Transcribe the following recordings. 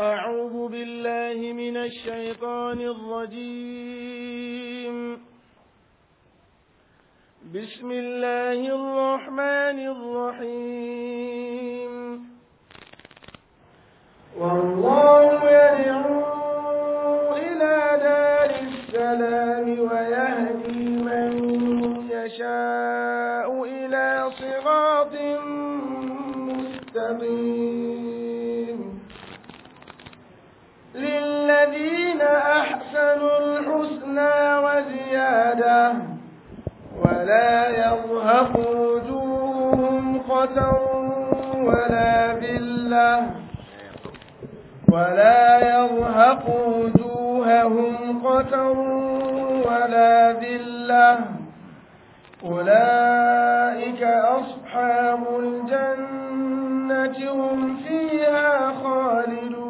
أعوذ بالله من الشيطان الرجيم بسم الله الرحمن الرحيم والله يدعو إلى دار السلام ويهدي من يشاء إلى صراط مستقيم للذين أحسنوا الحسنى وزيادة ولا يرهق وجوههم قتر ولا ذلة ولا يرهق وجوههم قتر ولا ذلة أولئك أصحاب الجنة هم فيها خالدون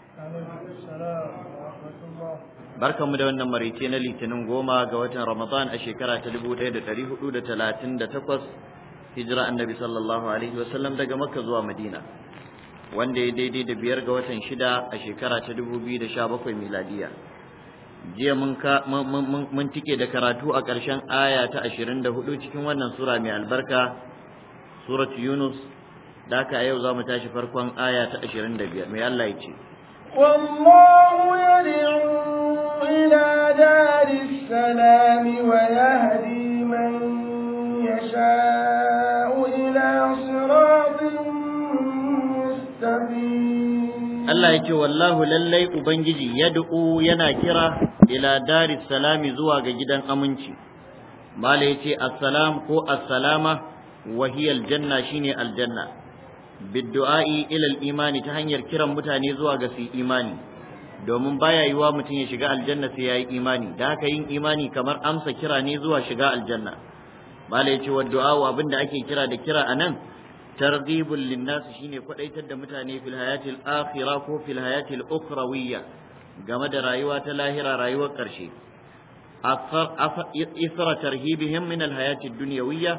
mu da wannan marice na litinin goma ga watan Ramadan a shekara ta dubu ɗaya da ɗari hudu da talatin da takwas hijira annabi sallallahu alaihi wasallam daga Makka zuwa Madina wanda ya daidai da biyar ga watan shida a shekara ta dubu biyu da sha bakwai miladiya. Jiya mun tike da karatu a ƙarshen aya ta ashirin da hudu cikin wannan sura mai albarka suratu Yunus da haka yau za mu tashi farkon aya ta ashirin da biyar mai Allah ya ce. والله يدعو إلى دار السلام ويهدي من يشاء إلى صراط مستقيم Allah yake wallahu lallai Ubangiji ya du'u yana kira ila dari salami zuwa ga gidan aminci. Mala yace assalam ko assalama wahiyal janna shine aljanna. biddu'a'i ilal imani ta hanyar kiran mutane zuwa ga su imani domin baya yiwa mutum ya shiga aljanna sai yayi imani da haka yin imani kamar amsa kira ne zuwa shiga aljanna malai ce wa du'a abinda ake kira da kira anan targhibul linnas shine kwadaitar da mutane fil hayatil akhirah ko fil hayatil ukhrawiyya game da rayuwa ta lahira rayuwar karshe isra tarhibihim min al hayatid dunyawiyya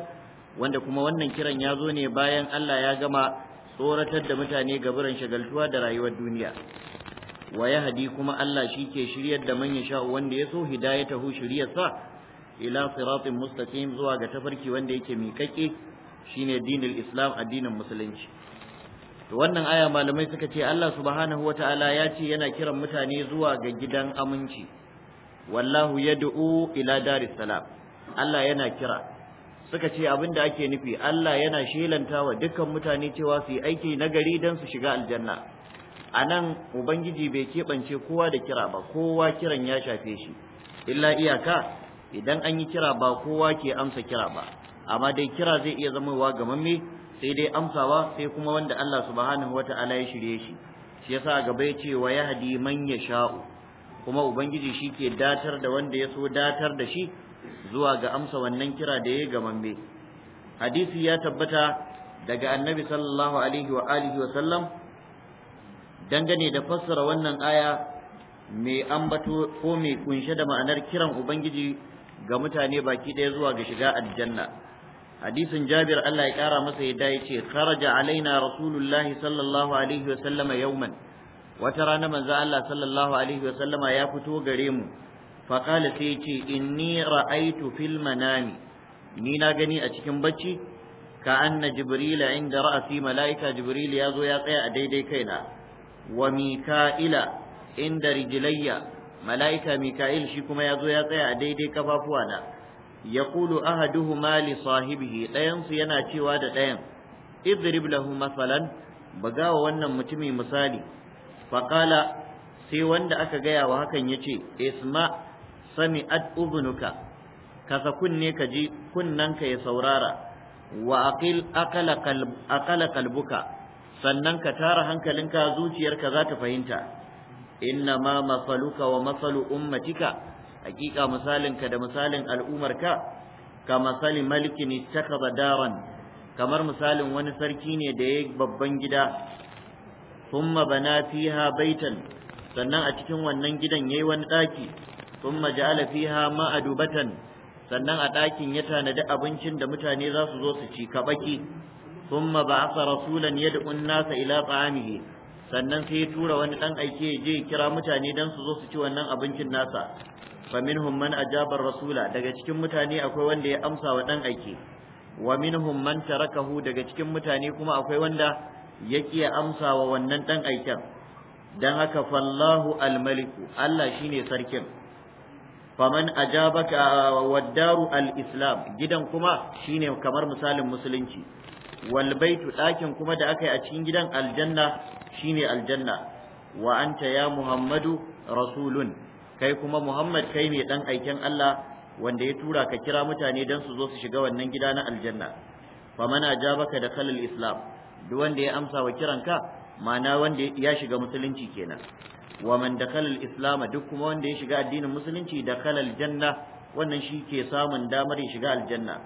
wanda kuma wannan kiran ya zo ne bayan Allah ya gama tsoratar da mutane ga gaburan shagaltuwa da rayuwar duniya wa hadi kuma Allah shi ke shiryar da manyan sha'u, wanda ya so hidaya shiryar sa ila siratin mustaqim zuwa ga tafarki wanda yake miƙaƙe shine dinul islam addinin musulunci to wannan aya malamai suka ce Allah subhanahu wataala ya ce yana kiran mutane zuwa ga gidan aminci wallahu yad'u ila daris salam Allah yana kira suka ce abin da ake nufi Allah yana shelanta wa dukkan mutane cewa su yi aiki nagari don su shiga aljanna a nan ubangiji bai keɓance kowa da kira ba kowa kiran ya shafe shi illa iyaka idan an yi kira ba kowa ke amsa kira ba amma dai kira zai iya zamowa gamamme sai dai amsawa sai kuma wanda Allah subhanahu wata'ala ya shirye shi shi yasa gaba ya ce wa yahdi man sha'u? kuma ubangiji shi ke datar da wanda ya so datar da shi zuwa ga amsa wannan kira da ya gamamme hadisi ya tabbata daga annabi sallallahu alaihi wa alihi wa sallam dangane da fassara wannan aya mai ambato ko mai kunshe da ma'anar kiran ubangiji ga mutane baki ɗaya zuwa ga shiga aljanna hadisin jabir Allah ya kara masa yadda ya kharaja alaina rasulullahi sallallahu alaihi wa sallama yawman wata rana manzo Allah sallallahu alaihi wa sallama ya fito gare mu faƙala sai ya ce inni ra'aitu fil manami ni na gani a cikin bacci ka anna jibrila inda ra'asi mala'ika jibril ya zo ya tsaya a daidai kaina wa mika'ila inda rijilayya mala'ika mika'il shi kuma ya zo ya tsaya a daidai kafafuwana yaqulu Ahaduhu li sahibihi ɗayansu yana cewa da ɗayan idrib lahu masalan bugawa wannan mutumi misali Faƙala sai wanda aka gaya wa hakan yace isma sami'at ubnuka kasa kunne ka ji kunnanka ya saurara wa aqil aqala qalbuka sannan ka tara hankalinka zuciyarka za ta fahimta inna ma masaluka wa masalu ummatika hakika misalinka da misalin al'umarka ka masali malikin ittakhadha daran kamar misalin wani sarki ne da ya babban gida thumma bana fiha baitan sannan a cikin wannan gidan yayi wani daki جعل فيها ما ma'adubatan sannan a ɗakin ya tanadi abincin da mutane za su zo su ci kabaki a ba'atha rasulan yad'u an-nasa ila ta'amihi sannan sai ya tura wani dan aike ya je kira mutane dan su zo su ci wannan abincin nasa fa minhum man ajaba rasula daga cikin mutane akwai wanda ya amsa wa dan aike wa minhum man tarakahu daga cikin mutane kuma akwai wanda ya kiya amsa wa wannan dan aiken dan haka fallahu almaliku Allah shine sarkin faman ajabaka uh, waddaru al-islam gidan kuma shine kamar misalin musulunci wal baitu dakin kuma da aka yi a cikin gidan aljanna shine aljanna wa anta ya muhammadu rasulun kai kuma muhammad kai ne dan aikin Allah wanda ya tura ka kira mutane dan su zo su shiga wannan gida na aljanna faman ajabaka da kalal islam duk wanda ya amsa wa kiranka ma'ana wanda ya shiga musulunci kenan wa man dakhala al-islam duk kuma wanda ya shiga addinin musulunci dakhala al-janna wannan shi ke samun damar ya shiga aljanna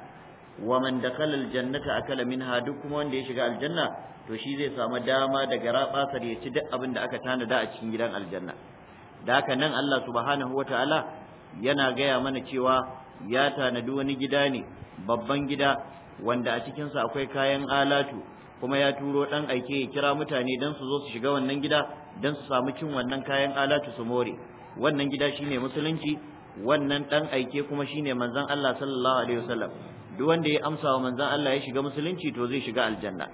wa man dakhala al-jannata akala minha duk kuma wanda ya shiga aljanna to shi zai samu dama daga rabasar ya ci duk abin da aka tanada a cikin gidan aljanna da haka nan Allah subhanahu wataala yana gaya mana cewa ya tanadi wani gida ne babban gida wanda a cikinsa akwai kayan alatu kuma ya turo ɗan aike ya kira mutane don su zo su shiga wannan gida don su samu cin wannan kayan alatu su more wannan gida shine musulunci wannan dan aike kuma shine manzon Allah sallallahu alaihi wasallam duk wanda ya amsa wa manzon Allah ya shiga musulunci to zai shiga aljanna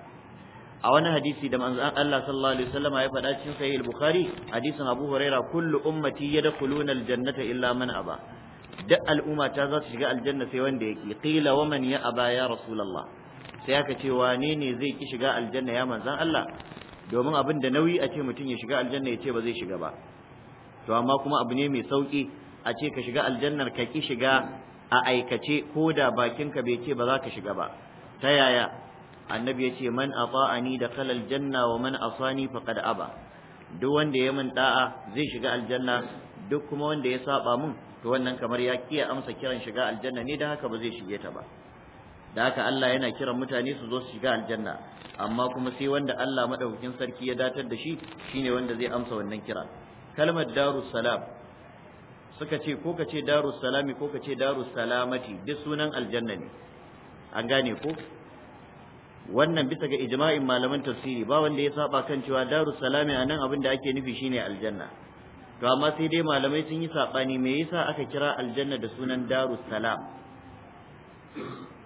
a wani hadisi da manzon Allah sallallahu alaihi wasallam ya faɗa cikin sahih al-bukhari hadisin Abu Huraira kullu ummati yadkhuluna al-jannata illa man aba duk al'umma ta za su shiga aljanna sai wanda yake qila wa man ya aba ya rasulullah sai aka ce wane ne zai ki shiga aljanna ya manzon Allah domin abin da nauyi a ce mutum ya shiga aljanna ya ce ba zai shiga ba to amma kuma abu ne mai sauki a ce ka shiga aljannar ka ki shiga a aikace ko da bakinka bai ce ba za ka shiga ba ta yaya annabi ya ce man ata'ani da kalal janna wa man asani faqad aba duk wanda ya min da'a zai shiga aljanna duk kuma wanda ya saba mun to wannan kamar ya kiya amsa kiran shiga aljanna ne da haka ba zai shige ta ba da haka Allah yana kiran mutane su zo su shiga aljanna amma kuma sai wanda Allah madaukakin sarki ya datar da shi shine wanda zai amsa wannan kira kalmar darus salam suka ce ko ka ce darus salami ko ka ce darus salamati duk sunan aljanna ne an gane ko wannan bisa ga ijma'in malaman tafsiri ba wanda ya saba kan cewa darus salami anan abin da ake nufi shine aljanna to amma sai dai malamai sun yi sabani me yasa aka kira aljanna da sunan darus salam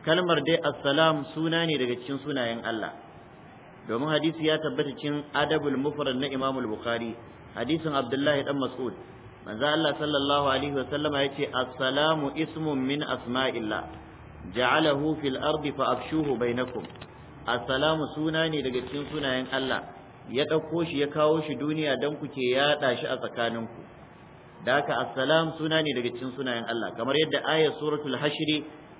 kalmar dai assalam suna ne daga cikin sunayen Allah domin hadisi ya tabbata cikin adabul mufrad na Imam al-Bukhari hadisin Abdullahi dan Mas'ud manzo Allah sallallahu alaihi wasallam yace assalamu ismun min asma'illah ja'alahu fil ardi fa afshuhu bainakum assalamu suna ne daga cikin sunayen Allah ya ɗauko shi ya kawo shi duniya don ku ke yaɗa shi a tsakaninku da haka assalam suna ne daga cikin sunayen Allah kamar yadda ayar suratul hashri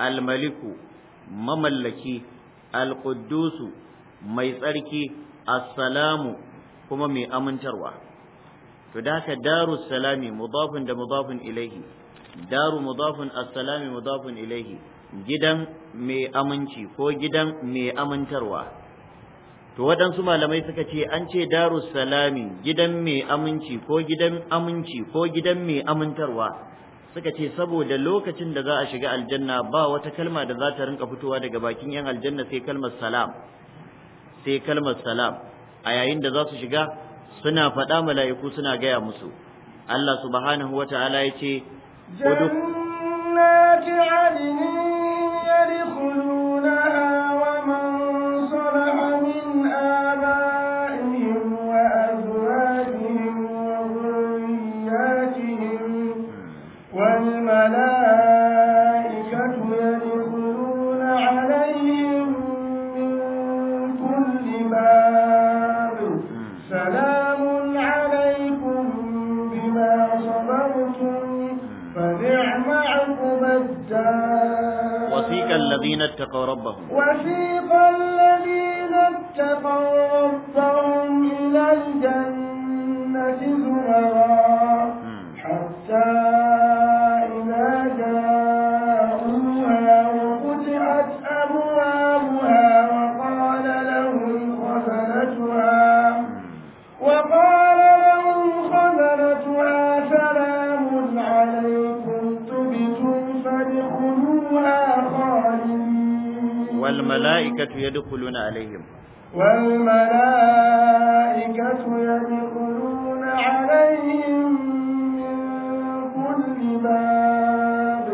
almaliku mamallaki alƙuddusu mai tsarki assalamu kuma mai amintarwa to da haka daru salami mudafin da mudafin ilaihi daru mudafin assalami mudafin ilaihi gidan mai aminci ko gidan mai amintarwa to waɗansu malamai suka ce an ce daru salami gidan mai aminci ko gidan aminci ko gidan mai amintarwa suka ce saboda lokacin da za a shiga aljanna ba wata kalma da za ta rinka fitowa daga bakin yan aljanna sai kalmar salam sai kalmar salam a yayin da za su shiga suna faɗa mala'iku suna gaya musu Allah subhanahu wa ta'ala ya ce الذين اتقوا ربهم وسيق الذين اتقوا ربهم إلى الجنة زمرا حتى يدخلون عليهم والملائكة يدخلون عليهم من كل باب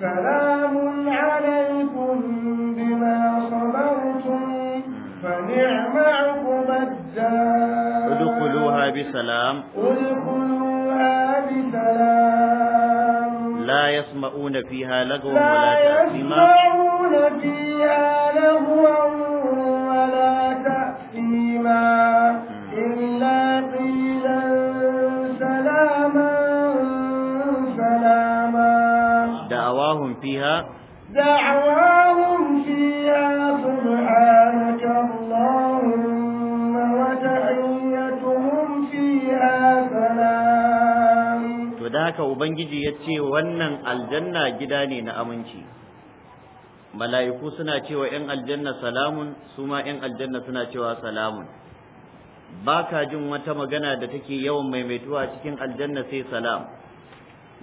سلام عليكم بما صبرتم فنعم عقب الدار ادخلوها بسلام ادخلوها بسلام لا يسمعون فيها لغوا ولا تأثيما لا يسمعون فيها aljanna gida ne na aminci mala'iku suna cewa ‘yan aljanna salamun su ma ‘yan aljanna suna cewa salamun ba ka jin wata magana da take yawan maimaituwa cikin aljanna sai salam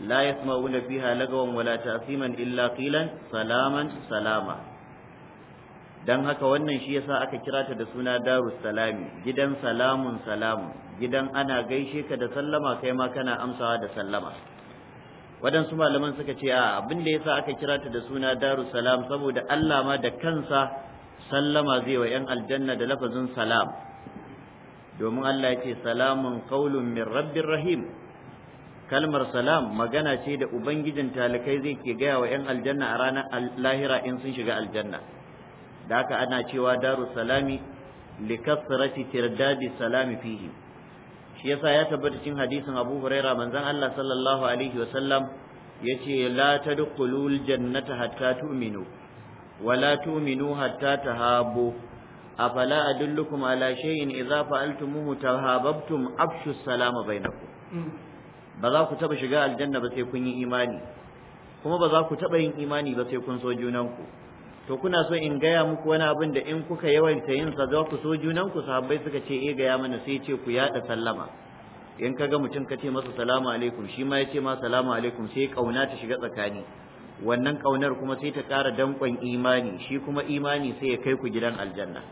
la yasma'una fiha lagawan wala ta'siman illa qilan salaman salama dan haka wannan shi yasa aka kira ta da suna darus salami gidan salamun salamun gidan ana gaishe ka da sallama kai ma kana amsawa da sallama waɗansu malaman suka ce a abin da sa aka kira ta da suna daru salam saboda Allah ma da kansa sallama zai wa 'yan aljanna da lafazin salam domin Allah ya ce salamun kaulun min rabbin rahim kalmar salam magana ce da ubangijin talikai zai ke gaya wa 'yan aljanna a ranar lahira in sun shiga aljanna da haka ana cewa daru salami li tirdadi salami fihi shi yasa ya tabbata cikin hadisin Abu Huraira manzon Allah sallallahu alaihi wa yace la tadkhulul jannata hatta tu'minu wa la tu'minu hatta tahabu afala adullukum ala shay'in idza fa'altumuhu tahabbtum afshu salama bainakum ba za ku taba shiga aljanna ba sai kun yi imani kuma ba za ku taba yin imani ba sai kun so junanku to kuna so in gaya muku wani abin da in kuka yawanta yin sa za ku so junan ku sahabbai suka ce eh gaya mana sai ce ku yada sallama in kaga mutum ka ce masa salamu alaikum shi ma ya ce ma salamu alaikum sai kauna ta shiga tsakani wannan kaunar kuma sai ta ƙara danƙon imani shi kuma imani sai ya kai ku gidan aljanna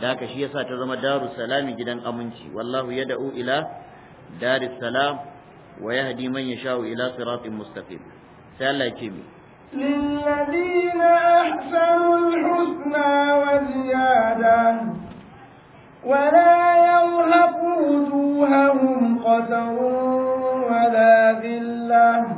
da haka shi yasa ta zama daru salami gidan aminci wallahu yad'u ila daris salam wa yahdi man yasha'u ila siratin mustaqim sai Allah ya ce mi للذين أحسنوا الحسنى وزيادة ولا يرهق وجوههم قتر ولا ذلة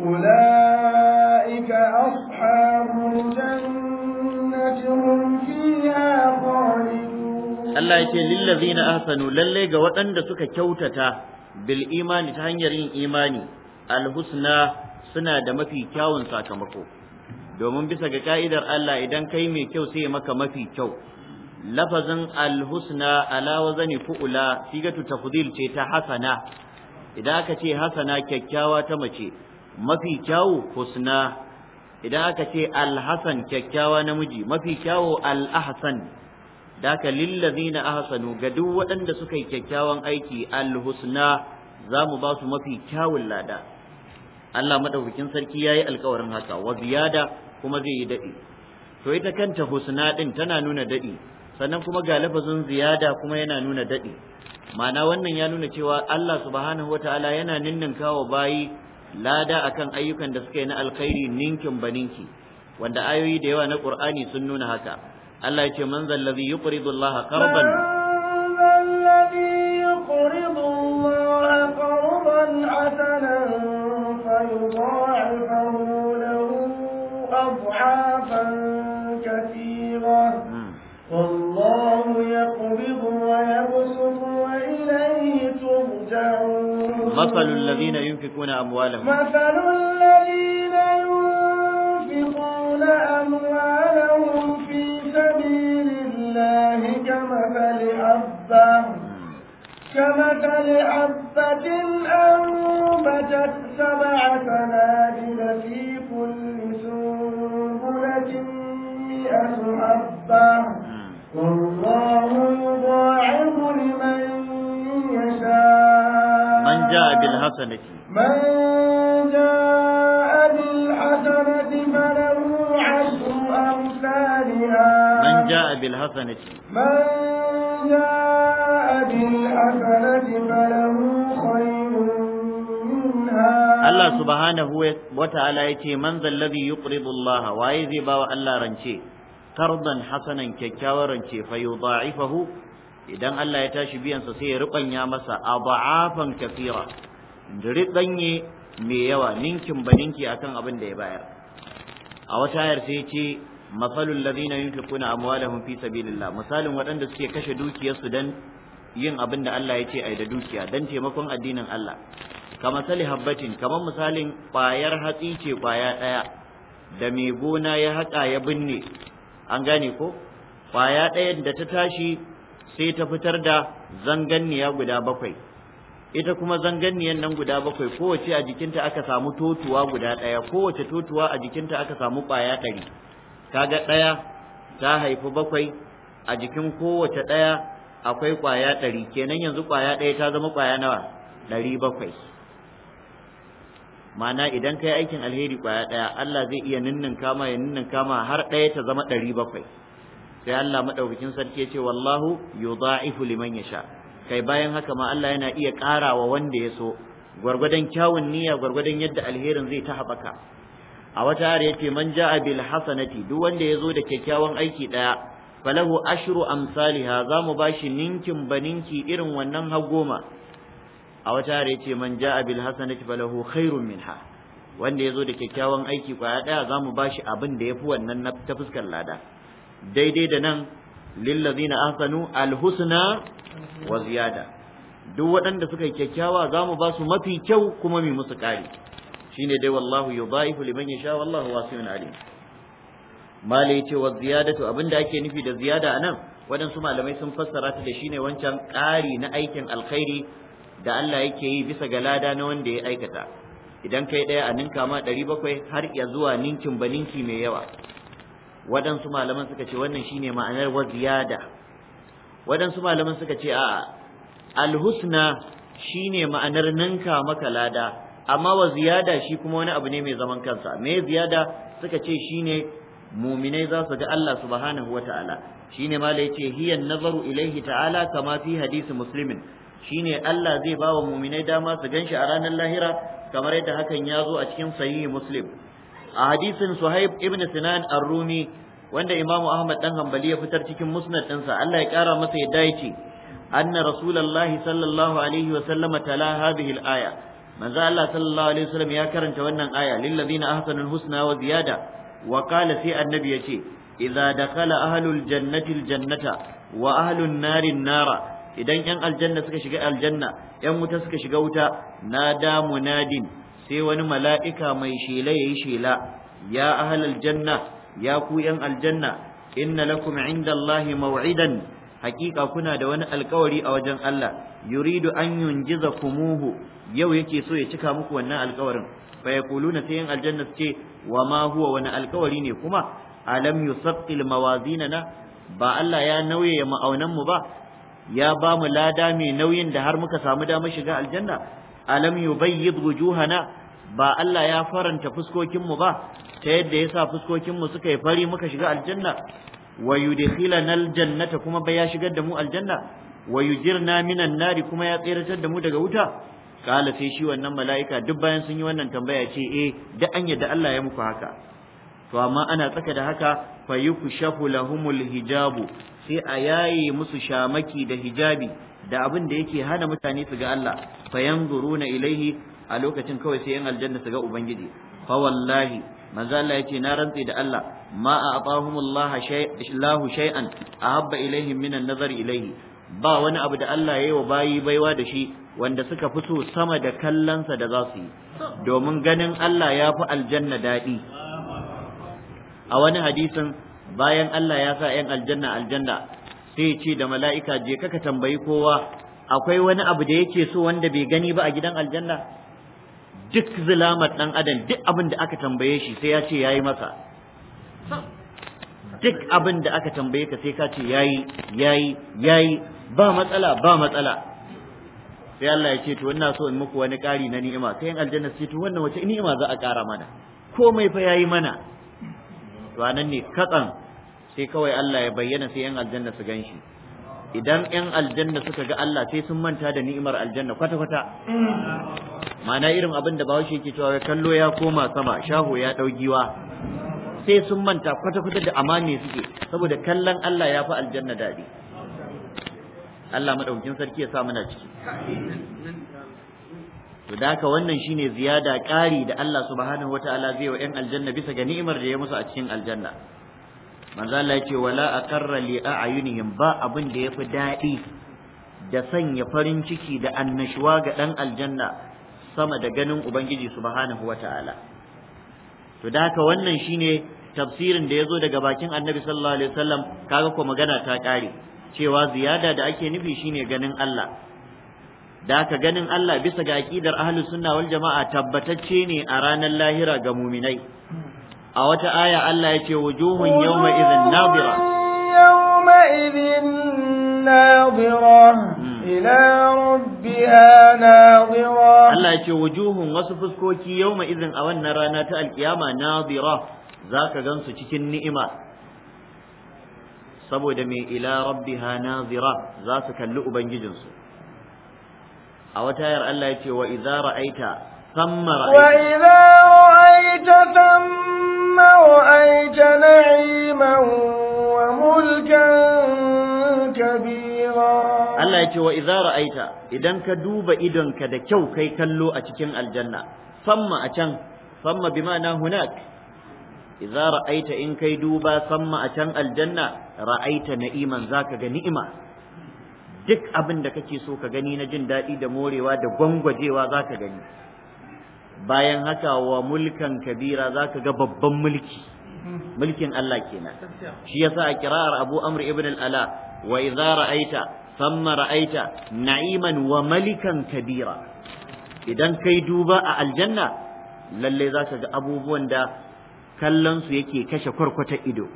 أولئك أصحاب الجنة هم فيها خالدون الله يقول للذين أحسنوا للي قوة أن سكا كوتتا بالإيمان تهنير إيماني الحسنى suna da mafi kyawun sakamako domin bisa ga ka'idar Allah idan kai mai kyau sai maka mafi kyau lafazin alhusna ala wazani fu'ula sigatu tafdil ce ta hasana idan aka ce hasana kyakkyawa ta mace mafi kyawu husna idan aka ce alhasan kyakkyawa namiji mafi kyawu alahsan da lillazina ahsanu ga duk waɗanda suka yi kyakkyawan aiki alhusna za mu ba su mafi kyawun lada Allah madaukakin sarki yayi alƙawarin haka wa ziyada kuma zai yi dadi to ita kanta husna din tana nuna dadi sannan kuma ga lafazin ziyada kuma yana nuna dadi ma'ana wannan ya nuna cewa Allah subhanahu wataala yana ninninka wa bayi lada akan ayyukan da suka yi na alkhairi ninkin baninki wanda ayoyi da yawa na Qur'ani sun nuna haka Allah ya ce man zallazi yuqridu Allah qardan مثل الذين ينفقون أموالهم مثل الذين ينفقون أموالهم في سبيل الله كمثل حبة كمثل حبة أنبتت سبع سنابل في كل سنبلة مئة حبة والله جاء بالحسنة من جاء بالحسنة فله عشر أمثالها من جاء بالحسنة من جاء بالحسنة فله خير Allah subhanahu wa ta'ala ya ce, Man zallabi yuqridu Allah, waye zai bawa Allah rance, kardan hasanan kyakkyawar rance fa yudha'ifahu idan Allah ya tashi biyansa sai ya riƙanya masa aba'afan kafira riƙanye mai yawa ninkin ba ninki akan abin da ya bayar a wata ayar sai ce masalul ladina yunfiquna amwalahum fi sabilillah misalin waɗanda suke kashe dukiyarsu dan yin abin da Allah ya ce ai da dukiya dan taimakon addinin Allah kama sali habbatin kamar misalin ƙwayar hatsi ce ƙwaya ɗaya da mai gona ya haƙa ya binne an gane ko ƙwaya ɗayan da ta tashi sai ta fitar da zanganniya guda bakwai ita kuma zanganniyan nan guda bakwai kowace a jikinta aka samu totuwa guda ɗaya kowace totuwa a jikinta aka samu ƙwaya ɗari kaga ɗaya ta haifi bakwai a jikin kowace ɗaya akwai ƙwaya ɗari kenan yanzu ƙwaya ɗaya ta zama ƙwaya nawa ɗari bakwai ma'ana idan kai aikin alheri ƙwaya ɗaya Allah zai iya ninninka ma ya ninninka ma har ɗaya ta zama ɗari bakwai sai Allah madaukakin sarki ya ce wallahu yudha'ifu liman yasha kai bayan haka ma Allah yana iya karawa wanda ya so gwargwadon kyawun niyya gwargwadon yadda alherin zai ta haɓaka a wata hari yace man ja'a bil hasanati duk wanda ya zo da kyakkyawan aiki daya falahu ashru amsalha za mu bashi ninkin baninki irin wannan har goma a wata hari yace man ja'a bil hasanati falahu khairun minha wanda ya zo da kyakkyawan aiki kwaya daya za mu bashi abin da yafi wannan ta fuskar lada daidai da nan lillazina ahsanu alhusna wa ziyada duk waɗanda suka yi kyakkyawa za mu ba su mafi kyau kuma mai musu ƙari shine dai wallahu yudaifu liman yasha wallahu wasi'un alim malai ce wa ziyadatu abinda ake nufi da ziyada anan waɗansu malamai sun fassara ta da shine wancan ƙari na aikin alkhairi da Allah yake yi bisa ga lada na wanda ya aikata idan kai ɗaya a ninka ma ɗari bakwai har ya zuwa ninkin baninki mai yawa waɗansu malaman suka ce wannan shine ma'anar wa ziyada waɗansu malaman suka ce a alhusna shine ma'anar ninka maka lada amma wa ziyada shi kuma wani abu ne mai zaman kansa me ziyada suka ce shine muminai za su ga Allah subhanahu wata'ala shine ma da yace hiya nazaru ilaihi ta'ala kama fi hadisi muslimin shine Allah zai bawa muminai dama su ganshi a ranar lahira kamar yadda hakan ya zo a cikin sahihi muslim a hadisin Suhaib ibn Sinan Ar-Rumi wanda Imam Ahmad dan Hanbali ya fitar cikin musnad ɗinsa Allah ya ƙara masa ya yace anna rasulullahi sallallahu alaihi wa sallama tala hadhihi al-aya manzo Allah sallallahu alaihi wasallam ya karanta wannan aya lil ladina ahsanul husna wa ziyada wa qala sai annabi yace idza dakhala ahlul jannati al-jannata wa ahlun nari nara idan yan aljanna suka shiga aljanna yan wuta suka shiga wuta nada munadin sai wani mala'ika mai shela yi shela ya ahal aljanna, ya ku yan aljanna inna lakum indallahi maw'idan hakika kuna da wani alkawari a wajen Allah yuridu an yunjizakumuhu yau yake so ya cika muku wannan alkawarin fa ya kuluna sai yan aljanna ce wa ma huwa wani alkawari ne kuma alam yusaqqil na, ba Allah ya nauye ma'aunan mu ba ya ba mu lada mai nauyin da har muka samu damar shiga aljanna alam yubayyid wujuhana ba Allah ya faranta fuskokinmu ba ta yadda yasa fuskokin mu suka yi fari muka shiga aljanna wa yudkhilana aljannata kuma ba ya shigar da mu aljanna wa yujirna minan nari kuma ya tsiratar da mu daga wuta kala sai shi wannan mala'ika duk bayan sun yi wannan tambaya ce eh da an yadda Allah ya muku haka to amma ana tsaka da haka fa shafu lahumul hijabu sai a yaye musu shamaki da hijabi da abin da yake hana mutane su ga Allah fa yanzuruna ilaihi a lokacin kawai sai yan aljanna su ga ubangiji fa wallahi manzo Allah yace na rantsi da Allah ma a a'tahumullahu shay'an shay'an ahabba ilaihim min an-nazari ilaihi ba wani abu da Allah ya yi wa bayi baiwa da shi wanda suka fito sama da kallonsa da za su yi domin ganin Allah ya fi aljanna daɗi a wani hadisin bayan Allah ya sa ‘yan aljanna aljanna sai ce da mala'ika je kaka tambayi kowa akwai wani abu da yake so wanda bai gani ba a gidan aljanna duk zulamar dan adam duk abin da aka tambaye shi sai ya ce yayi masa duk abin da aka tambaye ka sai ka ce yayi yayi yayi ba matsala ba matsala sai Allah ya ce to ina so in muku wani ƙari na ni'ima sai in aljanna sai to wannan wace ni'ima za a ƙara mana komai fa yayi mana to anan ne katsan sai kawai Allah ya bayyana sai yan aljanna su ganshi idan yan aljanna suka ga Allah sai sun manta da ni'imar aljanna kwata kwata ma'ana irin abin da bahaushe yake cewa kallo ya koma sama shaho ya dau giwa sai sun manta kwata kwata da amane suke saboda kallon Allah ya fi aljanna dadi Allah madaukin sarki ya sa muna ciki to da haka wannan shine ziyada ƙari da Allah subhanahu wataala zai wa 'yan aljanna bisa ga ni'imar da ya musu a cikin aljanna manzo Allah yake wala aqarra li a'yunihim ba abin da yafi daɗi da sanya farin ciki da annashuwa ga dan aljanna sama da ganin ubangiji subhanahu wataala to da haka wannan shine tafsirin da yazo daga bakin annabi sallallahu alaihi wasallam kaga ko magana ta kare cewa ziyada da ake nufi shine ganin Allah da haka ganin Allah bisa ga aqidar ahlus sunna wal jama'a tabbatacce ne a ranar lahira ga muminai a wata aya Allah yake wujuhun yawma izin nadira yawma izin nadira hmm. ila rabbiha nadira Allah yake wujuhun wasu fuskoki yawma izin a wannan rana ta alkiyama nadira zaka gansu cikin ni'ima saboda mai ila rabbiha nazira za su kalli ubangijinsu a wata yar Allah ya ce wa idza ra'aita thamma ra'aita wa idza ra'aita thamma Iman wa mulkin Kabiru. Allah ya ce wa iza ra'aita idan ka duba idonka da kyau kai kallo a cikin aljanna, samma a can, samma Bima na Hunak. Iza ra'aita in kai duba samma a can aljanna, ra'aita Na'iman za ka gani Duk abin da kake so ka gani na jin daɗi da morewa da gwangwajewa zaka gani. bayan haka wa mulkan kabira zaka ga babban mulki mulkin Allah kenan shi yasa a kirar Abu Amr ibn ala wa idza ra'aita thumma ra'aita na'iman wa malikan kabira idan kai duba a aljanna lalle ka ga abubuwan da kallon su yake kashe kwarkwata ido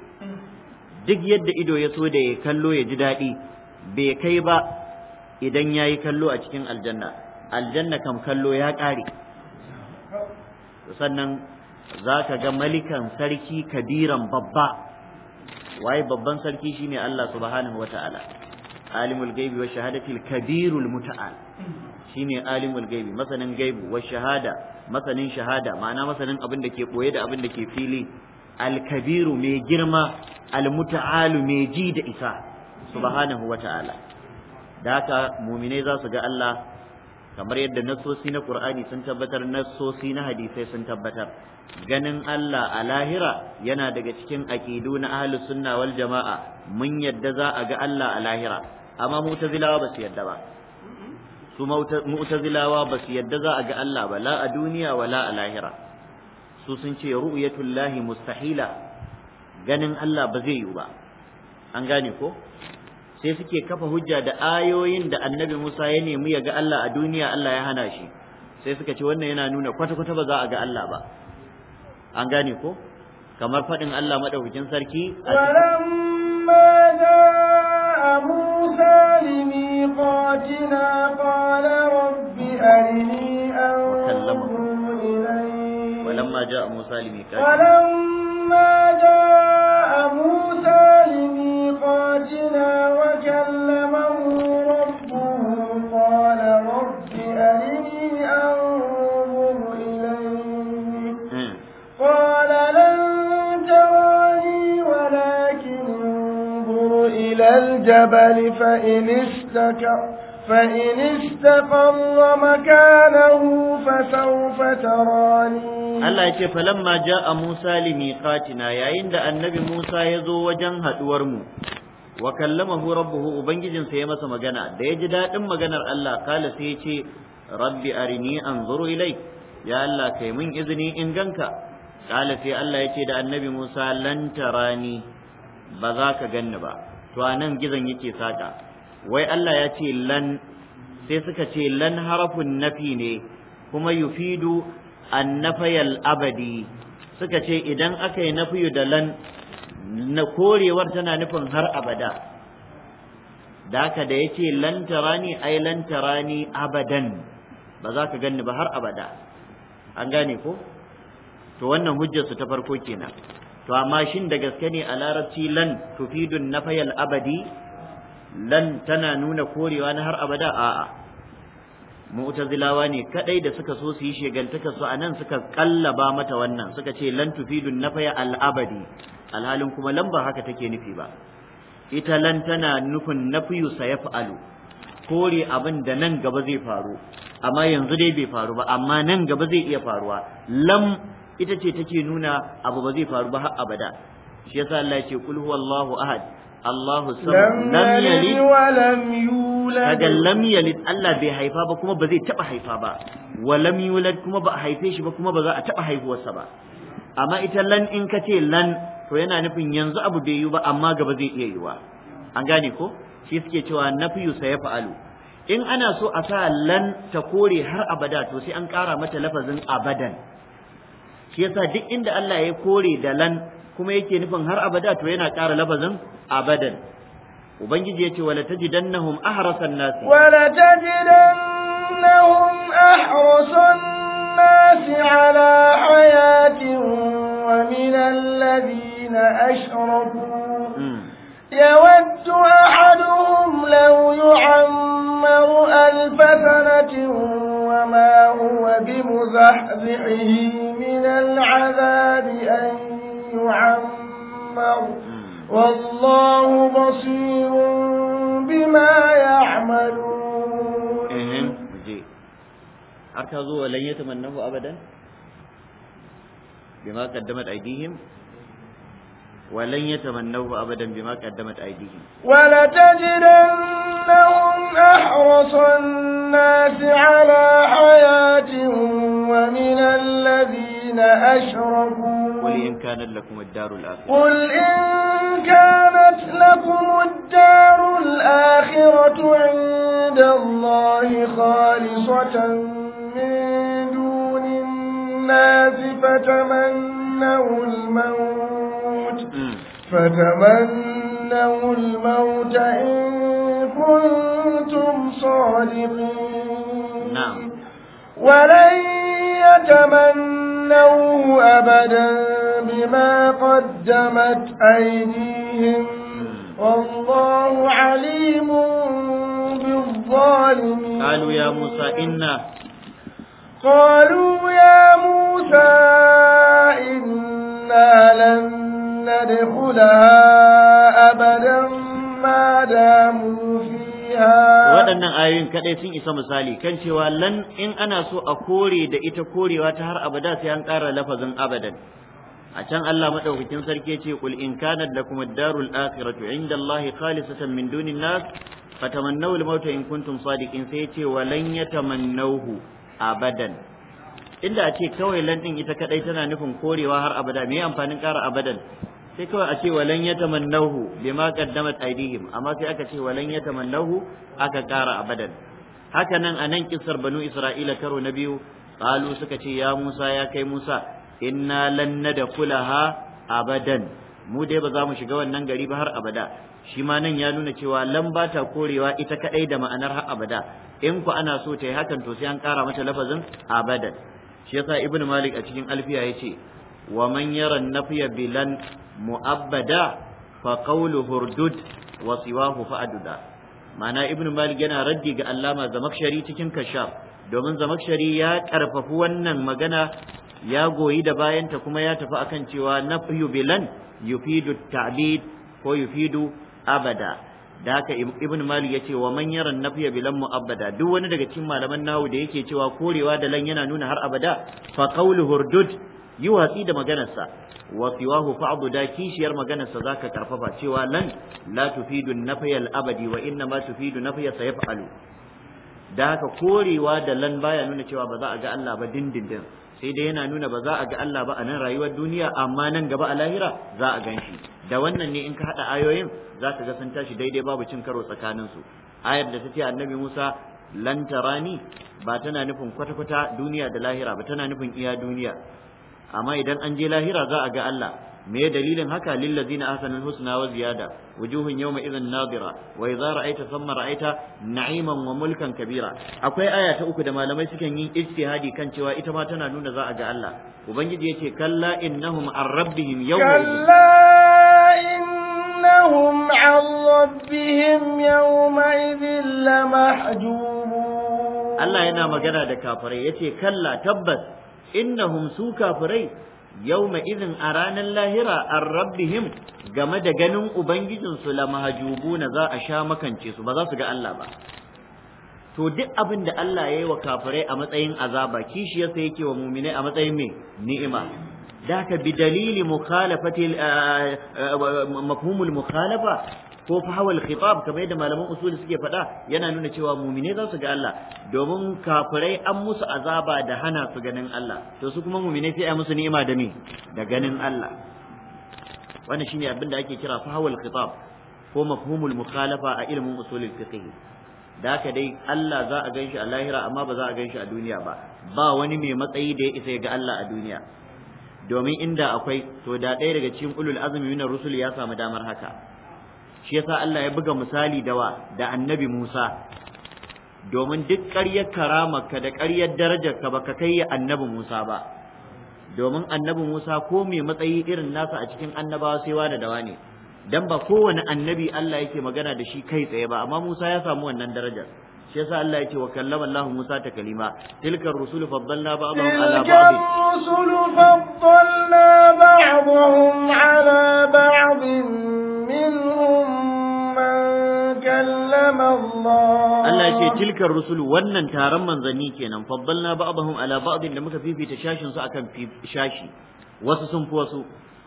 duk yadda ido ya so da ya kallo ya ji daɗi bai kai ba idan ya yi kallo a cikin aljanna aljanna kam kallo ya ƙare sannan za ka ga malikan sarki kabiran babba waye babban sarki shine Allah subhanahu ta'ala? alimul gaibi wa shahadatil kabirul muta'al shine alimul gaibi masanin gaibi wa shahada masanin shahada ma'ana masanin abin da ke boye da abin da ke fili alkabiru mai girma almuta'alu mai ji da isa subhanahu ta'ala, da haka muminai za su ga Allah kamar yadda nasosi na Qur'ani sun tabbatar nasosi na hadisai sun tabbatar ganin Allah a lahira yana daga cikin aqidu na ahlus sunna wal jama'a mun yadda za a ga Allah a lahira amma mu'tazilawa ba su yadda ba su mu'tazilawa ba su yadda za a ga Allah ba la a duniya wala a lahira su sun ce ru'yatullahi mustahila ganin Allah ba zai yiwu ba an gane ko sai suke kafa hujja da ayoyin da annabi Musa ya nemi ya ga Allah a duniya Allah ya hana shi sai suka ce wannan yana nuna kwata-kwata ba za a ga Allah ba an gane ko kamar faɗin Allah madaukakin sarki a Musa limiqatina ميقاتنا وكلمه ربه قال رب أرني أنظر إليك قال لن تراني ولكن انظر إلى الجبل فإن استكبر فإن استقر مكانه فسوف تراني الله يتي فلما جاء موسى لميقاتنا يا عند النبي موسى يزو وجن هدورمو وكلمه ربه ya سيما magana. da ji daɗin maganar Allah kala sai yace rabbi arini anzuru ilai ya Allah mun izini in ganka kala sai Allah yace da annabi Musa lan tarani ba za ka ganni ba to anan gizon yake saka wai Allah ya ce lan sai suka ce lan harafun nafi ne kuma yufidu annafayal abadi suka ce idan aka yi nafiyu da lan na korewar tana nufin har abada da haka da ya ce tarani ai lan tarani abadan ba za ka ganni ba har abada an gane ko to wannan hujjarsu ta farko kenan to amma shin da gaske ne a larabci lan tufidun nafayal abadi lan tana nuna korewa na har abada a'a mu'tazilawa ne kadai da suka so su yi shegantaka su anan suka kallaba mata wannan suka ce lan tufidun nafaya al'abadi alhalin kuma lan ba haka take nufi ba ita lan tana nufin nafiyu sayaf'alu kore abin da nan gaba zai faru amma yanzu dai bai faru ba amma nan gaba zai iya faruwa lam ita ce take nuna abu ba zai faru ba har abada shi yasa Allah ya ce kul huwallahu ahad Allahu lam yali wa lam yulad kaga Allah bai haifa ba kuma ba zai taba haifa ba wa lam yulad kuma ba a haife shi ba kuma ba za a taba haihuwarsa ba amma ita lan in ka ce lan to yana nufin yanzu abu bai yi ba amma gaba zai iya yiwa an gane ko shi suke cewa nafiyu sa ya fa'alu in ana so a sa lan ta kore har abada to sai an kara mata lafazin abadan shi yasa duk inda Allah ya kore da lan kuma yake nufin har abada to yana ƙara labazin abadan ubangiji yace wala tajidannahum ahrasan nas wala tajidannahum ahrasan nas ala hayatin wa min alladhina ashraku يود أحدهم لو يعمر ألف سنة وما هو بمزحزحه من العذاب أن يعمر والله بصير بما يعملون إيه. أركضوا لن يتمنوا أبدا بما قدمت أيديهم ولن يتمنوا أبدا بما قدمت أيديهم ولتجدنهم أحرص الناس على حياتهم ومن الذين أشركوا قل إن كانت لكم الدار الآخرة قل إن كانت لكم الدار الآخرة عند الله خالصة من دون الناس فتمنوا الموت فتمنوا الموت إن كنتم صادقين نعم ولن يتمنوا يطمئنوا أبدا بما قدمت أيديهم والله عليم بالظالمين قالوا يا موسى إنا قالوا يا موسى إنا لن ندخلها أبدا ما داموا فيها waɗannan ayoyin kaɗai sun isa misali kan cewa lan in ana so a kore da ita korewa ta har abada sai an ƙara lafazin abadan a can Allah madaukakin sarki ce qul in kanat lakum ad-darul akhiratu inda Allah khalisatan min dunin nas fatamannaw al-maut in kuntum sadiqin sai yace walan yatamannawhu abadan inda a ce kawai lan din ita kadai tana nufin korewa har abada me amfanin ƙara abadan sai kawai a ce walan yatamannahu bima qaddamat aydihim amma sai aka ce walan yatamannahu aka kara abadan haka nan anan kisar banu isra'ila karo na biyu qalu suka ce ya musa ya kai musa inna lan nadkhulaha abadan mu dai ba za mu shiga wannan gari ba har abada shi ma nan ya nuna cewa lan ba ta korewa ita kadai da ma'anar har abada in ku ana so ta yi hakan to sai an kara mata lafazin abadan shi yasa ibnu malik a cikin alfiya ya ce. ومن يرى النفي بلن مؤبدا فقوله اردد وسواه فأددا معنى ابن مالك yana raddi ga Allama Zamakshari cikin Kashaf domin Zamakshari ya karfafi wannan magana ya goyi da bayanta kuma ya tafi akan cewa nafyu bilan yufidu ta'bid ko yufidu abada da haka ibn malik yace wa man yara nafiya bilan mu'abbada duk wani daga cikin malaman nahu da yake cewa korewa da lan yana nuna har abada fa qawlu hurdud yi watsi da maganarsa wa siwahu fa'du da kishiyar maganarsa zaka karfafa cewa lan la tufidu nafiyal abadi wa inna ma tufidu ya sayaf'alu da haka korewa da lan baya nuna cewa ba za a ga Allah ba dindindin sai dai yana nuna ba za a ga Allah ba a nan rayuwar duniya amma nan gaba a lahira za a ganshi, da wannan ne in ka haɗa ayoyin za ka ga sun tashi daidai babu cin karo tsakaninsu ayar da ta ce annabi Musa lan tarani ba tana nufin kwata-kwata duniya da lahira ba tana nufin iya duniya amma idan an je lahira za a ga Allah me dalilin haka lillazina ahsanul husna wa ziyada wujuhun yawma idhin nadira wa idza ra'aita thumma ra'aita na'iman wa mulkan kabira akwai aya ta uku da malamai suke yin ijtihadi kan cewa ita ma tana nuna za a ga Allah ubangiji yace kalla innahum an rabbihim yawma kalla innahum an rabbihim yawma idhin lamahjubun Allah yana magana da kafirai yace kalla tabbas innahum su kafirai yawma izin a ranar lahira an rabbihim game da ganin ubangijinsu la mahajubuna za a sha makance su ba za su ga Allah ba to duk abin da Allah ya yi wa kafirai a matsayin azaba kishiyarsa sai yake wa muminai a matsayin me ni'ima ka bi dalili mukhalafati eh, eh, eh, mafhumul mukhalafa ko fahawal khitab kamar yadda malaman usuli suke faɗa yana nuna cewa mumine za su ga Allah domin kafirai an musu azaba da hana su ganin Allah to su kuma mumine sai a musu ni'ima da me da ganin Allah wannan shine abin da ake kira fahawal khitab ko mafhumul mukhalafa a ilimin usulul fiqh da haka dai Allah za a ganshi a lahira amma ba za a ganshi a duniya ba ba wani mai matsayi da ya isa ya ga Allah a duniya domin inda akwai to da ɗaya daga cikin ulul azumi minar rusul ya samu damar haka shi yasa Allah ya buga misali da da annabi Musa domin duk ƙaryar karamarka da ƙaryar darajarka baka kai annabi Musa ba domin annabi Musa ko mai matsayi irin nasa a cikin annabawa sai wada dawa ne dan ba kowane annabi Allah yake magana da shi kai tsaye ba amma Musa ya samu wannan darajar shi yasa Allah yake wa kallama Allah Musa ta kalima tilkar rusul faddalna ba'dahum ala ba'd tilkar rusul faddalna ala ba'd Allah ce tilkar rusulu wannan taron manzanni kenan faddalna ba'dahum ala ba'din da muka fifita shashin su akan shashi wasu sun fi wasu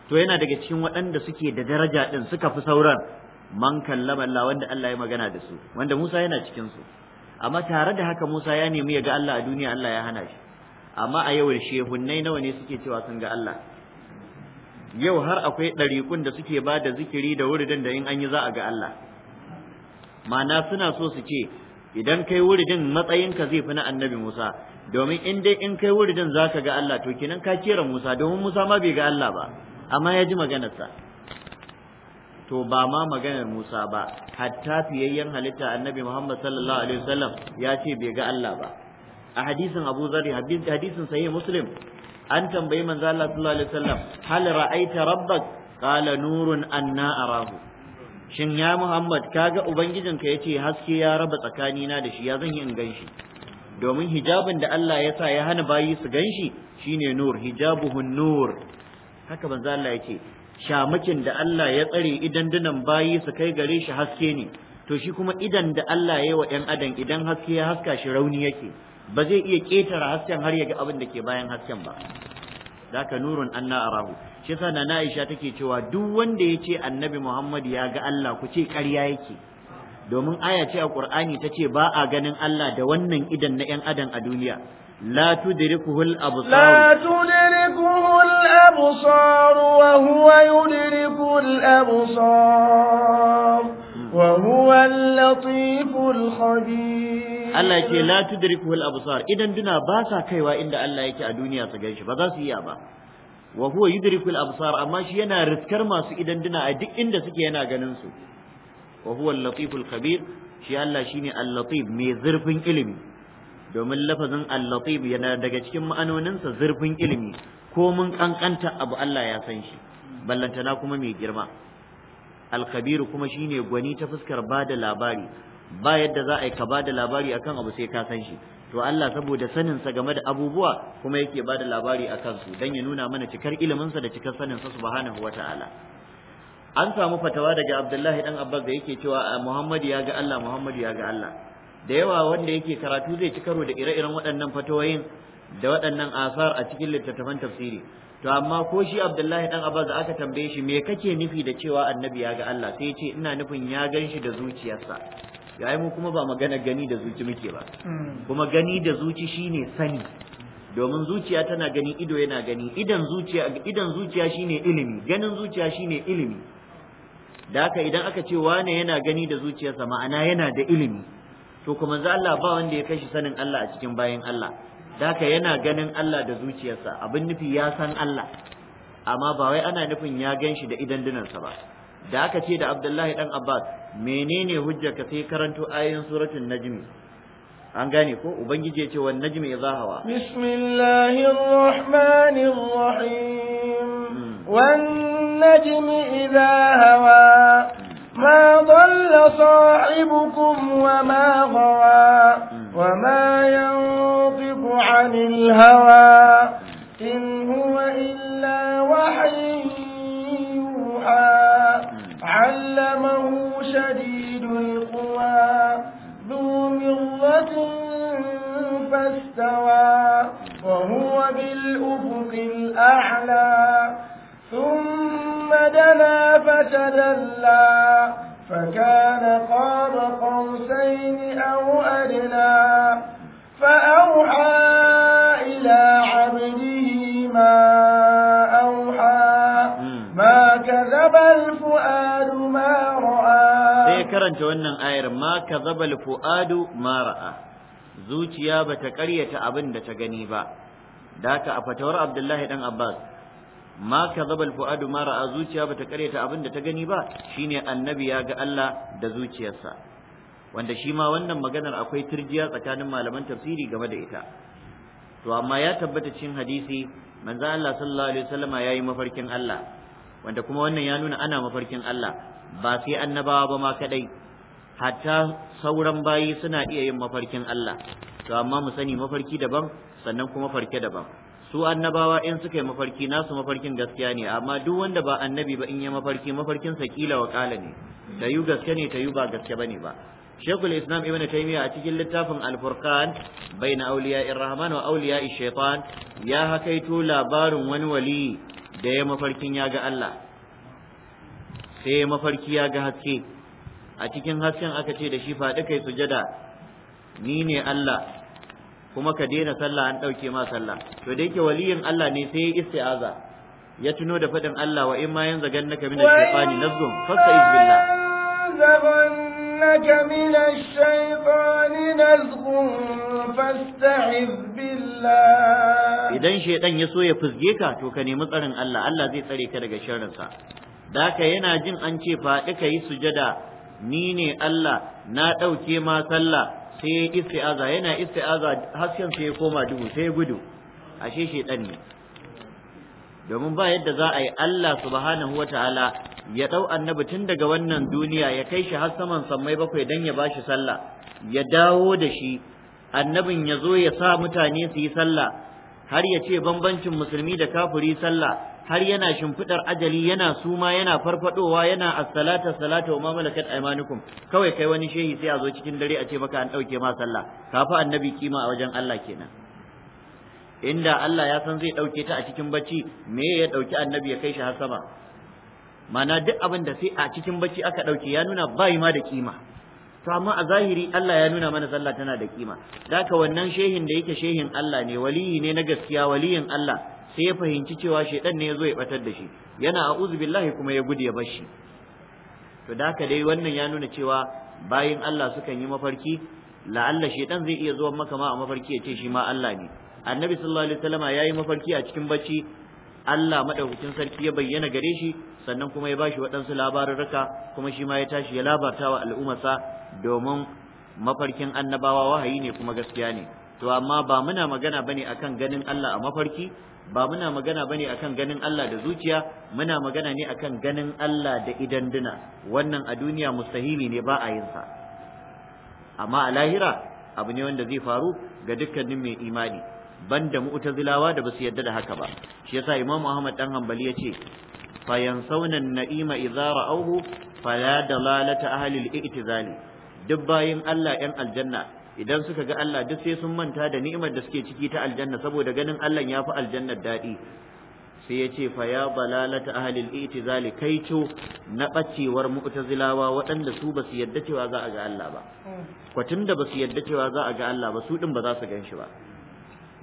to yana daga cikin waɗanda suke da daraja din suka fi sauran man kallama Allah wanda Allah ya magana da su wanda Musa yana cikin su amma tare da haka Musa ya nemi ya ga Allah a duniya Allah ya hana shi amma a yau shehunnai nawa ne suke cewa sun ga Allah yau har akwai ɗariƙun da suke ba da zikiri da wuri da in an yi za a ga Allah ma'ana suna so su ce idan kai wuridin matsayinka zai fi na annabi Musa domin in dai in kai wuridin ka ga Allah to kinan ka kera Musa domin Musa ma bai ga Allah ba amma ya ji maganarsa to ba ma maganar Musa ba hatta fiyayyen halitta annabi Muhammad sallallahu alaihi wasallam ya ce bai ga Allah ba a hadisin Abu Zarri hadisin sahih Muslim an tambayi manzo Allah sallallahu alaihi wasallam hal ra'aita rabbak qala nurun anna arahu shin ya Muhammad ka kaga ubangijinka ce haske ya raba tsakanina da shi ya zan yi in ganshi domin hijabin da Allah ya sa ya hana bayi su ganshi shine nur hijabuhun nur haka banza Allah yace shamakin da Allah ya tsare idan dunan bayi su kai gare shi haske ne to shi kuma idan da Allah ya yi wa ɗan adam idan haske ya haska shi rauni yake ba zai iya ƙetare hasken har ya ga abin da ke bayan hasken ba daka nurun anna arahu shi yasa nana Aisha take cewa duk wanda ya ce annabi Muhammad ya ga Allah ku ce ƙarya yake domin aya ce a Qur'ani ta ce ba a ganin Allah da wannan idan na ‘yan adam a duniya la tudrikuhu absar la tudrikuhu absar wa huwa yudriku absar wa huwa al-latifu khabir Allah yake la tudrikuhu absar idan duna ba sa kaiwa inda Allah yake a duniya su ganshi ba za su iya ba wa huwa yudrikul absar amma shi yana riskar masu idan duna a duk inda suke yana ganin su wa huwa al-latiful khabir shi Allah shine al-latif mai zurfin ilimi domin lafazin al-latif yana daga cikin ma'anoninsa zurfin ilimi ko mun kankanta abu Allah ya san shi ballantana kuma mai girma al-khabir kuma shine gwani ta fuskar bada labari ba yadda za a yi ka bada labari akan abu sai ka san shi to Allah saboda sanin sa game da abubuwa kuma yake bada labari a kansu dan ya nuna mana cikar ilimin da cikar sanin sa subhanahu wataala an samu fatawa daga Abdullahi dan Abbas da yake cewa Muhammad ya ga Allah Muhammad ya ga Allah da yawa wanda yake karatu zai ci karo da ire-iren waɗannan fatawoyin da waɗannan asar a cikin littattafan tafsiri to amma ko shi Abdullahi dan Abbas da aka tambaye shi me kake nufi da cewa annabi ya ga Allah sai ya ce ina nufin ya gan shi da zuciyarsa yayi mu kuma ba magana gani da zuci muke ba hmm. kuma gani da zuci shine sani domin zuciya tana gani ido yana gani idan zuciya idan zuciya shine ilimi ganin zuciya shine ilimi da haka idan aka ce wane yana gani da zuciyarsa ma'ana yana da ilimi to kuma za Allah ba wanda ya kashi sanin Allah a cikin bayan Allah da haka yana ganin Allah da zuciyarsa abin nufi ya san Allah amma ba wai ana nufin ya ganshi da idan dinansa ba da aka ce da Abdullahi dan Abbas menene hujjar ka sai karanto ayoyin suratul najm an gane ko ubangiji ya ce wan najmi idha hawa bismillahir rahmanir rahim hmm. wan najmi idha hawa hmm. ma dhalla sahibukum wa ma ghawa hmm. wa ma yanṭiqu 'anil hawa in huwa illa wahyun yuha علمه شديد القوى ذو مرة فاستوى وهو بالأفق الأعلى ثم دنا فتدلى فكان قاب قوسين أو أدنى فأوحى إلى عبده ما karanta wannan ayar ma kazaba fuadu ma ra'a zuciya ta karyata abin da ta gani ba daka a fatawar Abdullahi dan Abbas ma kazaba fuadu ma ra'a zuciya ta karyata abin da ta gani ba shine annabi ya ga Allah da zuciyarsa wanda shi ma wannan maganar akwai turjiya tsakanin malaman tafsiri game da ita to amma ya tabbata cikin hadisi manzo Allah sallallahu alaihi wasallama yayi mafarkin Allah wanda kuma wannan ya nuna ana mafarkin Allah ba sai annabawa ba ma kadai hatta sauran bayi suna iya yin mafarkin Allah to amma mu sani mafarki daban sannan kuma farke daban su annabawa in suka yi mafarki nasu mafarkin gaskiya ne amma duk wanda ba annabi ba in yi mafarki mafarkin sa kila wa kala ne da yu gaske ne ta yu ba gaske bane ba Sheikhul Islam Ibn Taymiyyah a cikin littafin Al-Furqan baina ar rahman wa ash-shaytan ya hakaito labarin wani wali da ya mafarkin ya ga Allah sai mafarki ya ga haske a cikin hasken aka ce da shi faɗi kai sujada ni ne Allah kuma ka daina sallah an ɗauke ma sallah to da yake waliyin Allah ne sai ya isti'aza ya tuno da faɗin Allah wa in ma yanzu gannaka min ash-shaytani nazghum fasta'iz billah billah idan shaytan ya so ya fusge ka to ka nemi tsarin Allah Allah zai tsare ka daga sharrinsa. Daka yana jin an ce faɗi ka yi sujada ni ne Allah na ɗauke ma sallah sai ya aza. yana aza, hasken sai ya koma dubu, sai ya gudu ashe shi ɗan ne domin ba yadda za a yi Allah subhanahu wa ta'ala ya ɗau annabi tun daga wannan duniya ya kai shi har saman sammai bakwai dan ya bashi sallah ya dawo da shi annabin ya zo ya sa mutane su yi sallah har ya ce bambancin musulmi da kafiri sallah har yana shimfidar ajali yana suma yana farfadowa yana as-salata salata wa malakat aymanukum kawai kai wani shehi sai a zo cikin dare a ce maka an dauke ma sallah kafa annabi kima a wajen Allah kenan inda Allah ya san zai dauke ta a cikin bacci me ya dauki annabi ya kai shi har sama mana duk abin da sai a cikin bacci aka dauke ya nuna bai ma da kima to amma a zahiri Allah ya nuna mana sallah tana da kima daka wannan shehin da yake shehin Allah ne waliyi ne na gaskiya waliyin Allah sai ya fahimci cewa shaidan ne ya zo ya batar da shi yana a uzubillahi kuma ya gudu ya bar shi to da haka dai wannan ya nuna cewa bayin Allah sukan yi mafarki la'alla shaidan zai iya zuwa maka ma a mafarki ya ce shi ma Allah ne annabi sallallahu alaihi wasallama yayi mafarki a cikin bacci Allah madaukakin sarki ya bayyana gare shi sannan kuma ya bashi waɗansu labarurruka kuma shi ma ya tashi ya labarta wa al'ummarsa domin mafarkin annabawa wahayi ne kuma gaskiya ne to amma ba muna magana bane akan ganin Allah a mafarki ba muna magana bane akan ganin Allah da zuciya muna magana ne akan ganin Allah da idan duna wannan a duniya mustahili ne ba a yin sa amma a lahira abu ne wanda zai faru ga dukkanin mai imani banda mu'tazilawa da basu yadda da haka ba shi yasa imam ahmad dan hanbali yace fa yansawna an-na'ima idza ra'awhu fala dalalata ahli al-i'tizali duk bayan Allah yan aljanna idan suka ga Allah duk sai sun manta da ni'imar da suke ciki ta aljanna saboda ganin Allah ya fi aljannar daɗi sai ya ce fa ya balalata ahlil itizali kaico na bacewar mu'tazilawa waɗanda su basu yadda cewa za a ga Allah ba kwatin da basu yadda cewa za a ga Allah ba su ɗin ba za su gan shi ba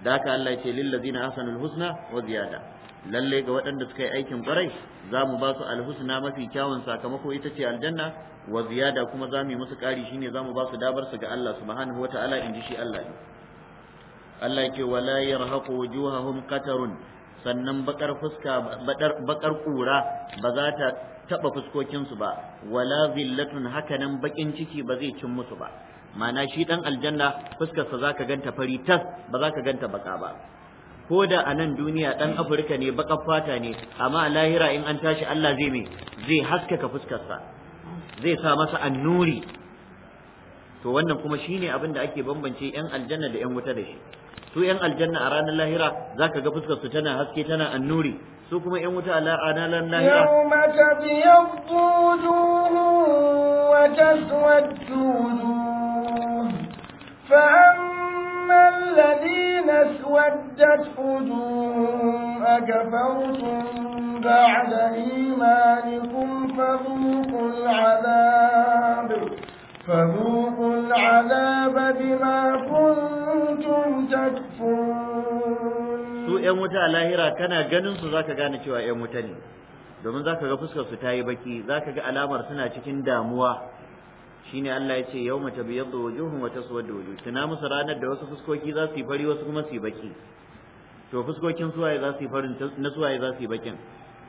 da haka Allah ya ce lil ahsanul husna wa ziyada lalle ga waɗanda suka yi aikin kwarai za mu ba su alhusna mafi kyawun sakamako ita ce aljanna wa ziyada kuma za mu yi musu ƙari shine za mu ba su dabar su ga Allah subhanahu wa ta'ala in ji shi Allah ne Allah ke wala yarhaqu wujuhahum qatarun sannan bakar fuska bakar kura ba za ta taba fuskokinsu ba wala zillatun hakanan bakin ciki ba zai cin musu ba ma'ana shi dan aljanna fuskarsa zaka ganta fari tas ba za ka ganta baka ba ko da a nan duniya ɗan afirka ne baƙar fata ne amma a lahira in an tashi allah zai mai zai haskaka fuskarsa zai sa masa annuri to wannan kuma shine abin da ake bambance yan aljanna da yan wuta da shi su yan aljanna a ranar lahira zaka ga fuskarsu tana haske tana annuri su kuma yan wuta a ranar lahira الذين اسودت وجوههم أكفرتم بعد إيمانكم فذوقوا العذاب فذوقوا العذاب بما كنتم تكفرون سوء يموت على هيرا كان kana ذاك su zaka يموتني cewa ‘yan wuta domin zaka ga fuskar su ta yi baki zaka ga alamar suna cikin damuwa shine Allah ya ce yawma tabyaddu wata wa taswaddu wujuh tuna musu ranar da wasu fuskoki za su yi fari wasu kuma su yi baki to fuskokin suwaye za su yi farin na suwaye za su yi bakin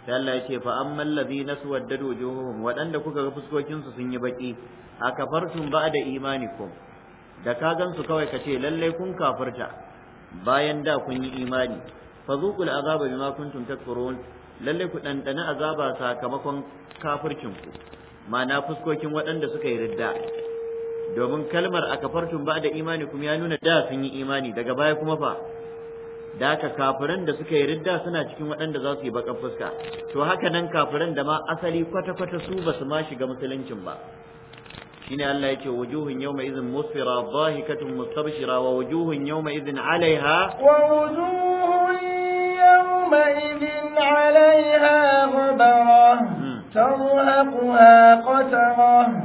sai Allah ya ce fa ammal ladina suwaddadu wujuhum wadanda kuka ga fuskokin su sun yi baki akafartum ba'da imanikum da ka gansu kawai ka ce lalle kun kafirta bayan da kun yi imani fazuqul azaba bima kuntum takfurun lalle ku dandana azaba sakamakon kafircin ku ma'ana fuskokin waɗanda suka yi ridda domin kalmar a kafartun ba da imani kuma ya nuna da sun yi imani daga baya kuma fa da ka kafiran da suka yi ridda suna cikin waɗanda za su yi baƙar fuska to haka nan kafiran da ma asali kwata-kwata su ba su ma shiga musuluncin ba shine Allah yake wujuhun yawma idhin musfira dhahikatun mustabshira wa wujuhun yawma idhin 'alayha wa wujuhun yawma idhin 'alayha ghubara hmm. ترهقها قترة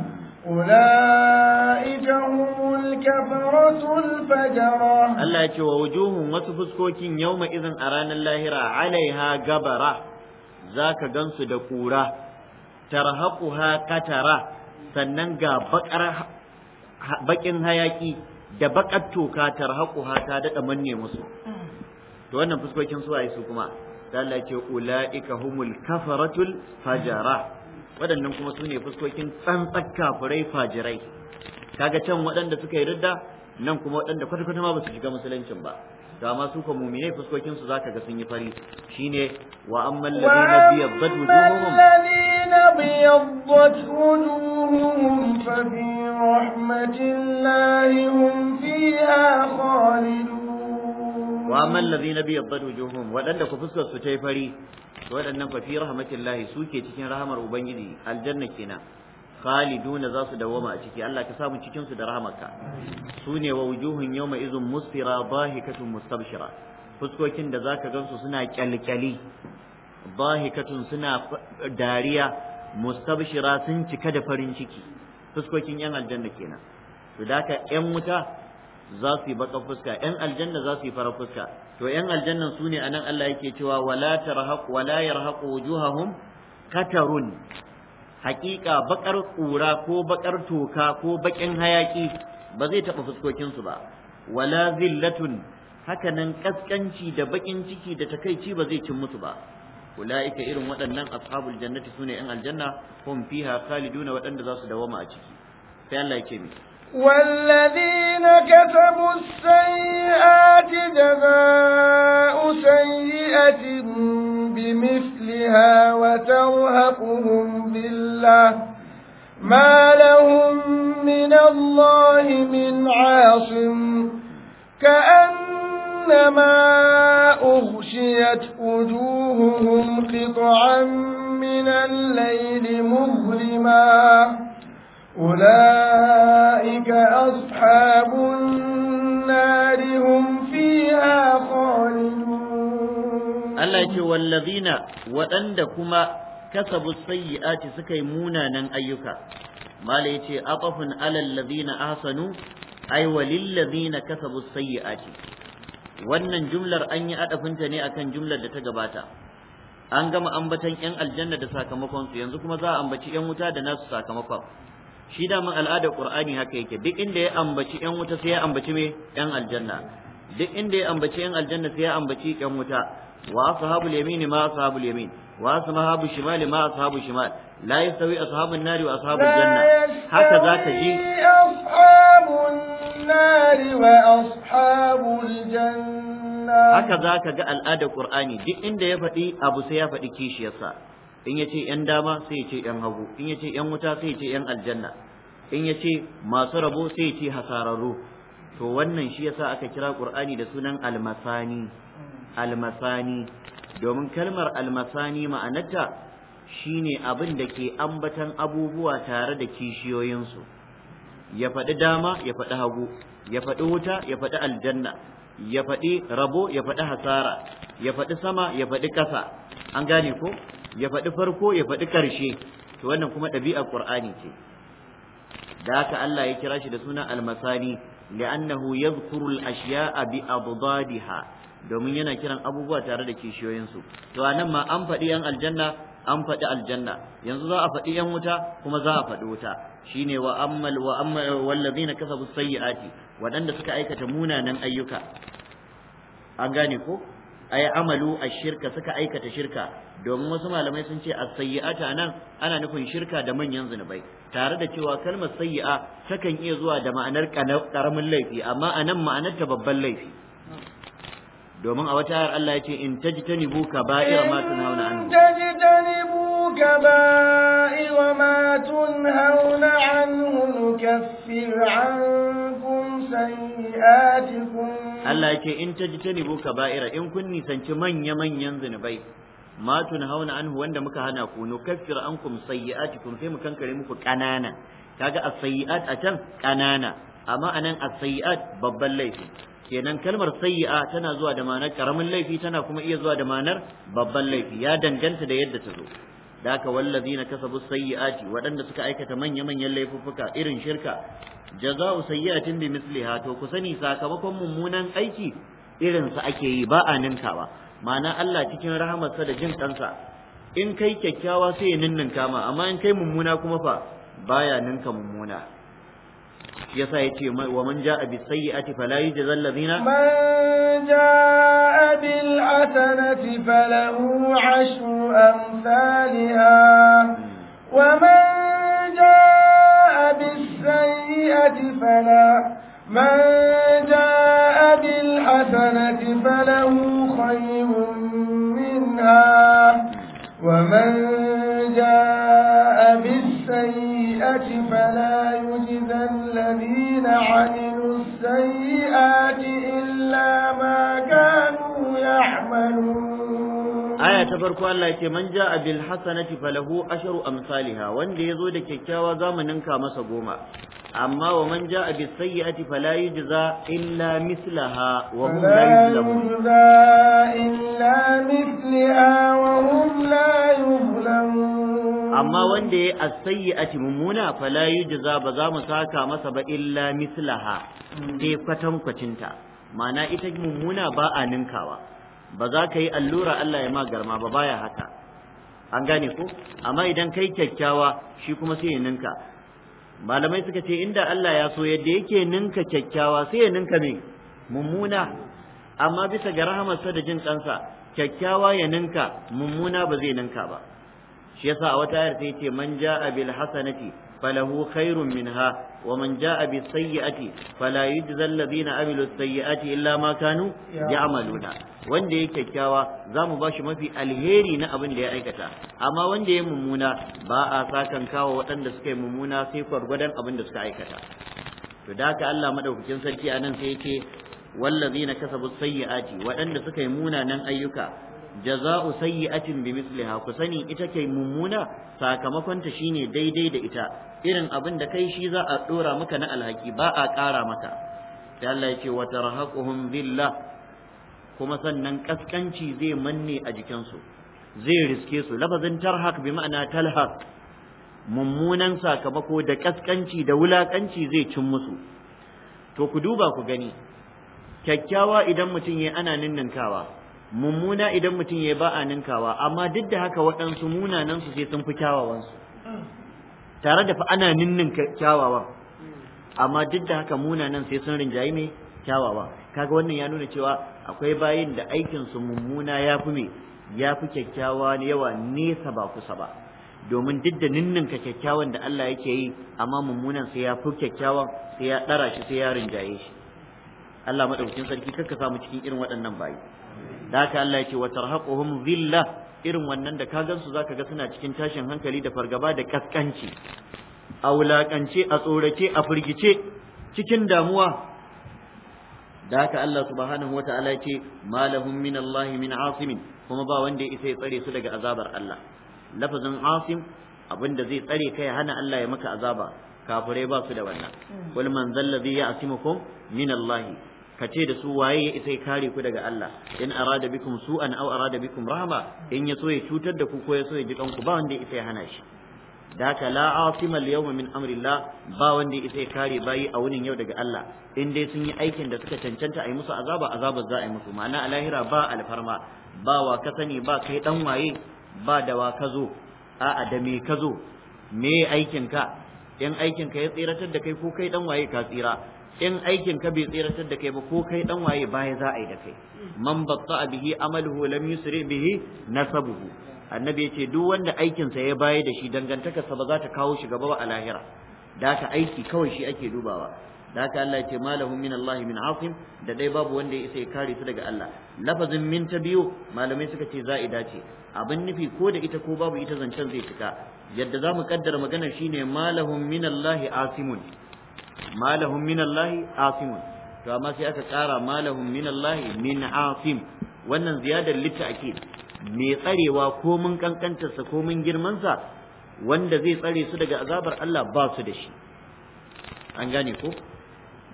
أولئك هم الكفرة الفجرة الله يتوى وجوههم وتفسكوكين يوم إذن أران الله عليها قبرة ذاك قنص دكورة ترهقها قترة sannan ga bakin hayaki da bakar toka tarhaquha ta dada manne musu to wannan fuskokin su ayi su kuma sai Allah ce ulaika humul kafaratul fajara waɗannan kuma su ne fuskokin tsantsar kafirai fajirai kaga can waɗanda suka yi ridda nan kuma waɗanda kwata-kwata ma ba su shiga musuluncin ba to amma su ko muminai fuskokin su zaka ga sun yi fari shine wa ammal ladina biyaddat wujuhuhum ladina biyaddat wujuhuhum fa fi rahmatillahi hum fiha khalidun wa amman ladina bi yaddadu wujuhum wadanda ku fuskar su tai fari to wadannan fa fi rahmatillahi suke cikin rahmar ubangiji aljanna kenan khaliduna za su dawoma a ciki Allah ka samu cikin su da rahamarka sune wa wujuhun yawma izum musfira dahikatun mustabshira fuskokin da zaka gansu suna kyalkyali dahikatun suna dariya mustabshira sun cika da farin ciki fuskokin yan aljanna kenan to daka yan wuta za su yi baƙar fuska yan aljanna za su yi farar fuska to yan aljannan su ne anan Allah yake cewa wala tarhaq wala yarhaqu wujuhahum katarun haƙiƙa baƙar ƙura ko baƙar toka ko baƙin hayaƙi ba zai taɓa fuskokinsu ba wala zillatun hakanan ƙasƙanci da baƙin ciki da takaici ba zai cin musu ba ulaika irin waɗannan ashabul jannati sune yan aljanna hum fiha khaliduna waɗanda za su dawama a ciki sai Allah yake mai والذين كسبوا السيئات جزاء سيئة بمثلها وترهقهم بالله ما لهم من الله من عاصم كأنما أغشيت وجوههم قطعا من الليل مظلماً أولئك أصحاب النار هم فيها خالدون الله يقول والذين وأندكما كسبوا السيئات سكي مونا أيك ما ليتي أطف على الذين أحسنوا أي وللذين كسبوا السيئات wannan jumlar an yi adafinta ne akan jumlar da ta gabata an gama ambatan 'yan aljanna da sakamakonsu yanzu kuma za a ambaci 'yan wuta da nasu sakamakon shi dama al'adar qur'ani haka yake duk inda ya ambaci yan wuta sai ya ambaci me yan aljanna duk inda ya ambaci yan aljanna sai ya ambaci yan wuta wa ashabul yamin ma ashabul yamin wa ashabu shimal ma ashabu shimal la yastawi ashabun nari wa ashabul janna haka zaka ji ashabun nari wa ashabul janna haka za ka ga al'adar qur'ani duk inda ya faɗi abu sai ya faɗi kishiyarsa in ya ce yan dama sai ya ce yan hagu in ya ce yan wuta sai ya ce yan aljanna in ya ce masu rabo sai ce hasararru to wannan shi yasa aka kira qur'ani da sunan almasani almasani domin kalmar almasani ma'anarta shine abin da ke ambatan abubuwa tare da kishiyoyinsu ya faɗi dama ya faɗi hagu ya faɗi wuta ya faɗi aljanna ya faɗi rabo ya faɗi hasara ya faɗi sama ya faɗi ƙasa an gane ko ya faɗi farko ya faɗi ƙarshe to wannan kuma ɗabi'ar qur'ani ce da haka Allah ya kira shi da suna almasani li'annahu yadhkuru ashiya a bi abdadiha domin yana kiran abubuwa tare da kishiyoyinsu to nan ma an faɗi yan aljanna an faɗi aljanna yanzu za a faɗi yan wuta kuma za a faɗi wuta shine wa ammal wa ammal wallazina kasabu sayyiati waɗanda suka aikata munanan ayyuka an gane ko ay amalu ashirka suka aikata shirka domin wasu malamai sun ce as-sayyi'ata nan ana nufin shirka da manyan zunubai tare da cewa kalmar sayyi'a takan iya zuwa da ma'anar karamin laifi amma anan ma'anar ta babban laifi domin a wata ayar Allah ya ce in tajtanibu kaba'ira ma tunhauna anhu tajtanibu kaba'ira ma tunhauna anhu kaffir ankum sayi'atikum Allah ya ce in tajtanibu kaba'ira in kun nisanci manya manyan zinubai ma hauna anhu wanda muka hana ku nukaffir ankum sayyi'atikum sai mu kankare muku kanana kaga as-sayyi'at a can kanana amma anan as-sayyi'at babban laifi kenan kalmar sayyi'a tana zuwa da ma'anar karamin laifi tana kuma iya zuwa da ma'anar babban laifi ya danganta da yadda ta zo daka wallazina kasabu sayyi'ati waɗanda suka aikata manya-manyan laifuffuka irin shirka jaza'u sayyi'atin bi misliha to ku sani sakamakon mummunan aiki irin su ake yi ba a ninkawa ma'ana Allah cikin rahamarsa da jin kansa in kai kyakkyawa sai ya ninninka ma amma in kai mummuna kuma fa baya ninka mummuna yasa yace wa man jaa bi sayyi'ati fala yujza ladina man jaa bil hasanati falahu ashru amsalha wa man jaa bis sayyi'ati fala من جاء بالحسنة فله خير منها ومن جاء بالسيئة فلا يجزى الذين عملوا السيئات إلا ما كانوا يعملون aya ta farko Allah ce man ja'a bil hasanati falahu asharu amsalha wanda yazo da kyakkyawa zamu ninka masa goma amma wa man ja'a bis sayyi'ati fala yujza illa mislaha wa hum la wa yuzlamun amma wanda ya as-sayyi'ati mummuna fala yujza ba za mu saka masa ba illa mislaha sai kwatankwacinta ma'ana ita mummuna ba a ninkawa ba za ka yi allura Allah ya ma garma ba baya haka an gane ko amma idan kai kyakkyawa shi kuma sai ya ninka malamai suka ce inda Allah ya so yadda yake ninka kyakkyawa sai ya ninka me mummuna amma bisa ga rahamarsa da jin kansa kyakkyawa ya ninka mummuna ba zai ninka ba shi yasa a wata ayar sai ce man ja'a bil hasanati فله خير منها ومن جاء بالسيئة فلا يجزى الذين عملوا السيئات illa makanu, ya يعملون wanda ya kyakkyawa za mu ba mafi alheri na abin da ya aikata amma wanda ya yi mummuna ba a sakan kawo waɗanda suka yi mummuna sai gwargwadon abin da suka aikata to da Allah madaukakin sarki a nan sai ya ce wallazina kasabu sayyi'ati waɗanda suka yi munanan ayyuka jaza'u sayyi'atin bi misliha ku sani ita kai mummuna sakamakon ta shine daidai da ita irin abin da kai shi za a dora maka na alhaki ba a kara maka sai Allah yake wa tarhaquhum dhillah kuma sannan kaskanci zai manne a jikin su zai riske su lafazin tarhaq bi ma'ana talhaq mummunan sakamako da kaskanci da wulakanci zai cin musu to ku duba ku gani kyakkyawa idan mutum ya ana ninninkawa mummuna idan mutum ya ba a ninkawa amma duk da haka waɗansu munanan su sai sun fi kyawawan su tare da fa ana ninnin kyawawa, amma duk da haka munanan sai sun rinjayi mai kyawawa kaga wannan ya nuna cewa akwai bayin da aikin su mummuna ya fi mai ya fi kyakkyawa yawa nesa ba kusa ba domin duk da ninninka kyakkyawan da Allah yake yi amma mummunan sai ya fi kyakkyawan sai ya ɗara shi sai ya rinjaye shi Allah madaukakin sarki kakka samu cikin irin waɗannan bayi da haka Allah ya wa tarhaquhum Zilla, irin wannan da ka gansu zaka ga suna cikin tashin hankali da fargaba da kaskanci a wulakance a tsorace a firgice cikin damuwa da haka Allah subhanahu wataala ya ce malahum min Allah min asim kuma ba wanda isa ya tsare su daga azabar Allah lafazin asim abinda zai tsare kai hana Allah ya maka azaba kafirai ba su da wannan wal hmm. man zallazi ya'simukum min Allah ka ce da su waye ya isa ya kare ku daga Allah in arada bikum su'an aw arada bikum rahma in ya so ya cutar da ku ko ya so ya ji kanku ba wanda ya isa ya hana shi da la asima al yawma min ba wanda ya isa ya kare bayi a wurin yau daga Allah in dai sun yi aikin da suka cancanta a yi musu azaba azaba za a yi musu ma'ana a lahira ba alfarma ba wa ka sani ba kai dan waye ba da wa ka zo a'a da me ka zo me aikin ka in aikin ka ya tsiratar da kai ko kai dan waye ka tsira in aikin ka bai tsiratar da kai ba ko kai dan waye baya za a yi da kai man batta bihi amaluhu lam yusri bihi nasabuhu annabi yace duk wanda aikin sa ya baya da shi dangantakarsa ba za ta kawo shi gaba ba a lahira da ta aiki kawai shi ake dubawa da haka Allah yace malahu min Allah min asim da dai babu wanda ya isa ya kare su daga Allah lafazin min ta biyu malamai suka ce za'ida ce abin nufi ko da ita ko babu ita zancen zai cika yadda za mu kaddara maganar shine malahu min Allah asimun malahum min Allah asimun to amma sai aka ƙara malahum min Allah min asim wannan ziyadar litta'kid mai tsarewa ko mun kankantarsa ko mun girmansa wanda zai tsare su daga azabar Allah ba su da shi an gane ko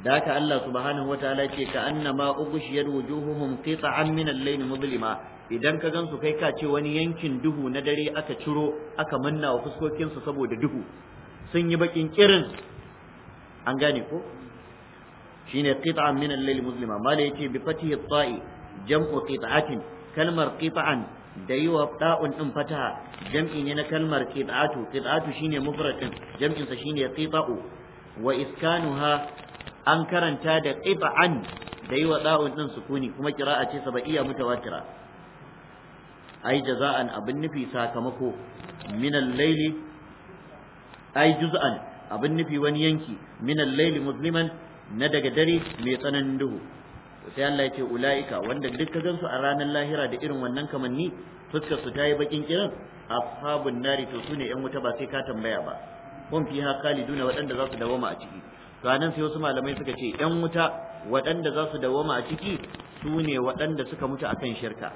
da haka Allah subhanahu wataala ce ka annama ughshiyat wujuhuhum qita'an min al-layl mudlima idan ka gan su kai ka ce wani yankin duhu na dare aka ciro aka manna wa fuskokinsu saboda duhu sun yi bakin kirin an gane ko shine qit'an min al-layl muslima mala yace bi fatihi ta'i jam'u qit'atin kalmar qit'an da yi wa da'un din fataha jam'i ne na kalmar qit'atu qit'atu shine mufrad din jam'in sa shine qit'u wa iskanuha an karanta da qit'an da yi wa da'un din sukuni kuma qira'a ce sabaiya mutawatira ai jaza'an abin nufi sakamako min al-layli ai juz'an abin nufi wani yanki min al-layli na daga dare mai tsananin duhu sai Allah ya ce ulaika wanda duk ka gansu a ranar lahira da irin wannan kamanni fuskar su tayi bakin kiran ashabun nari to sune yan wuta ba sai ka tambaya ba Kun hum fiha kaliduna waɗanda za su dawoma a ciki anan sai wasu malamai suka ce yan wuta waɗanda za su dawoma a ciki sune waɗanda suka mutu akan shirka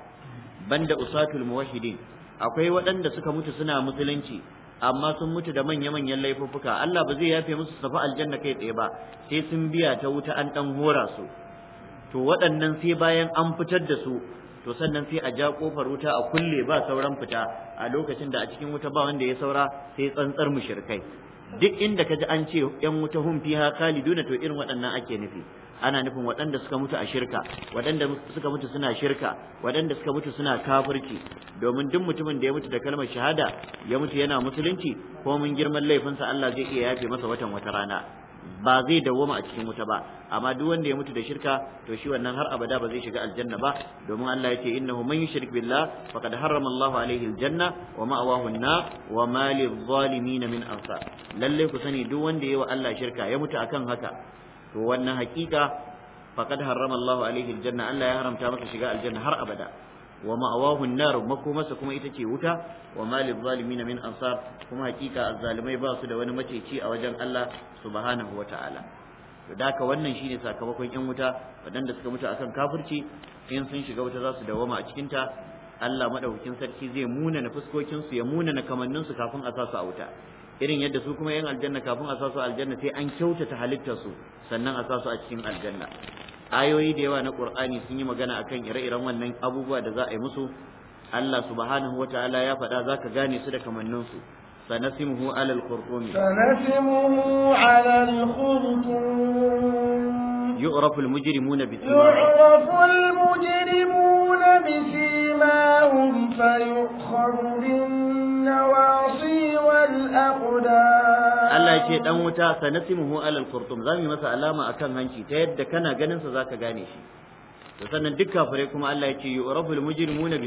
banda usatul muwahhidin akwai waɗanda suka mutu suna musulunci amma sun mutu da manya-manyan laifuffuka Allah ba zai yafe musu safa aljanna kai tsaye ba sai sun biya ta wuta an dan hora su to waɗannan sai bayan an fitar da su to sannan sai a ja kofar wuta a kulle ba sauran fita a lokacin da a cikin wuta ba wanda ya saura sai tsantsar mushrikai duk inda kaji an ce yan wuta hum fiha khaliduna to irin waɗannan ake nufi ana nufin waɗanda suka mutu a shirka waɗanda suka mutu suna shirka waɗanda suka mutu suna kafirci domin duk mutumin da ya mutu da kalmar shahada ya mutu yana musulunci ko mun girman laifinsa Allah zai iya yafe masa watan wata rana ba zai dawwama a cikin wuta ba amma duk wanda ya mutu da shirka to shi wannan har abada ba zai shiga aljanna ba domin Allah yake innahu man yushrik billah faqad harrama Allahu alaihi aljanna wa ma'awahu an wa ma lil zalimin min ansar lalle ku sani duk wanda yayi wa Allah shirka ya mutu akan haka to wannan hakika faqad harrama Allah alayhi aljanna Allah ya haramta masa shiga aljanna har abada wa ma'awahu an-nar makomarsa kuma ita ce wuta wa malil zalimin min ansar kuma hakika azzalimai ba su da wani maceci a wajen Allah subhanahu wa ta'ala to da wannan shine sakamakon yan wuta waɗanda suka mutu akan kafirci in sun shiga wuta za su dawama a cikinta Allah madaukakin sarki zai muna na fuskokin su ya muna na kamannin su kafin a sa su a wuta irin yadda su kuma yan aljanna kafin a sa su aljanna sai an kyautata halittar su sannan a sasu a cikin aljanna ayoyi da yawa na qur'ani sun yi magana akan ire-iren wannan abubuwa da za a yi musu Allah subhanahu ta'ala ya faɗa zaka gane su da kamannin su sanasimuhu alal khurtumi sanasimuhu alal khurtum yu'rafu al mujrimuna bi yu'rafu al mujrimuna bi fa النواصي والأقدام الله يجي دان وتا سنسمه على hanci, زامي مسا علامة أكن هنشي تيد كنا غنين سزاك غانيشي sannan duk kafurai kuma Allah ya ce yu'raful mujrimuna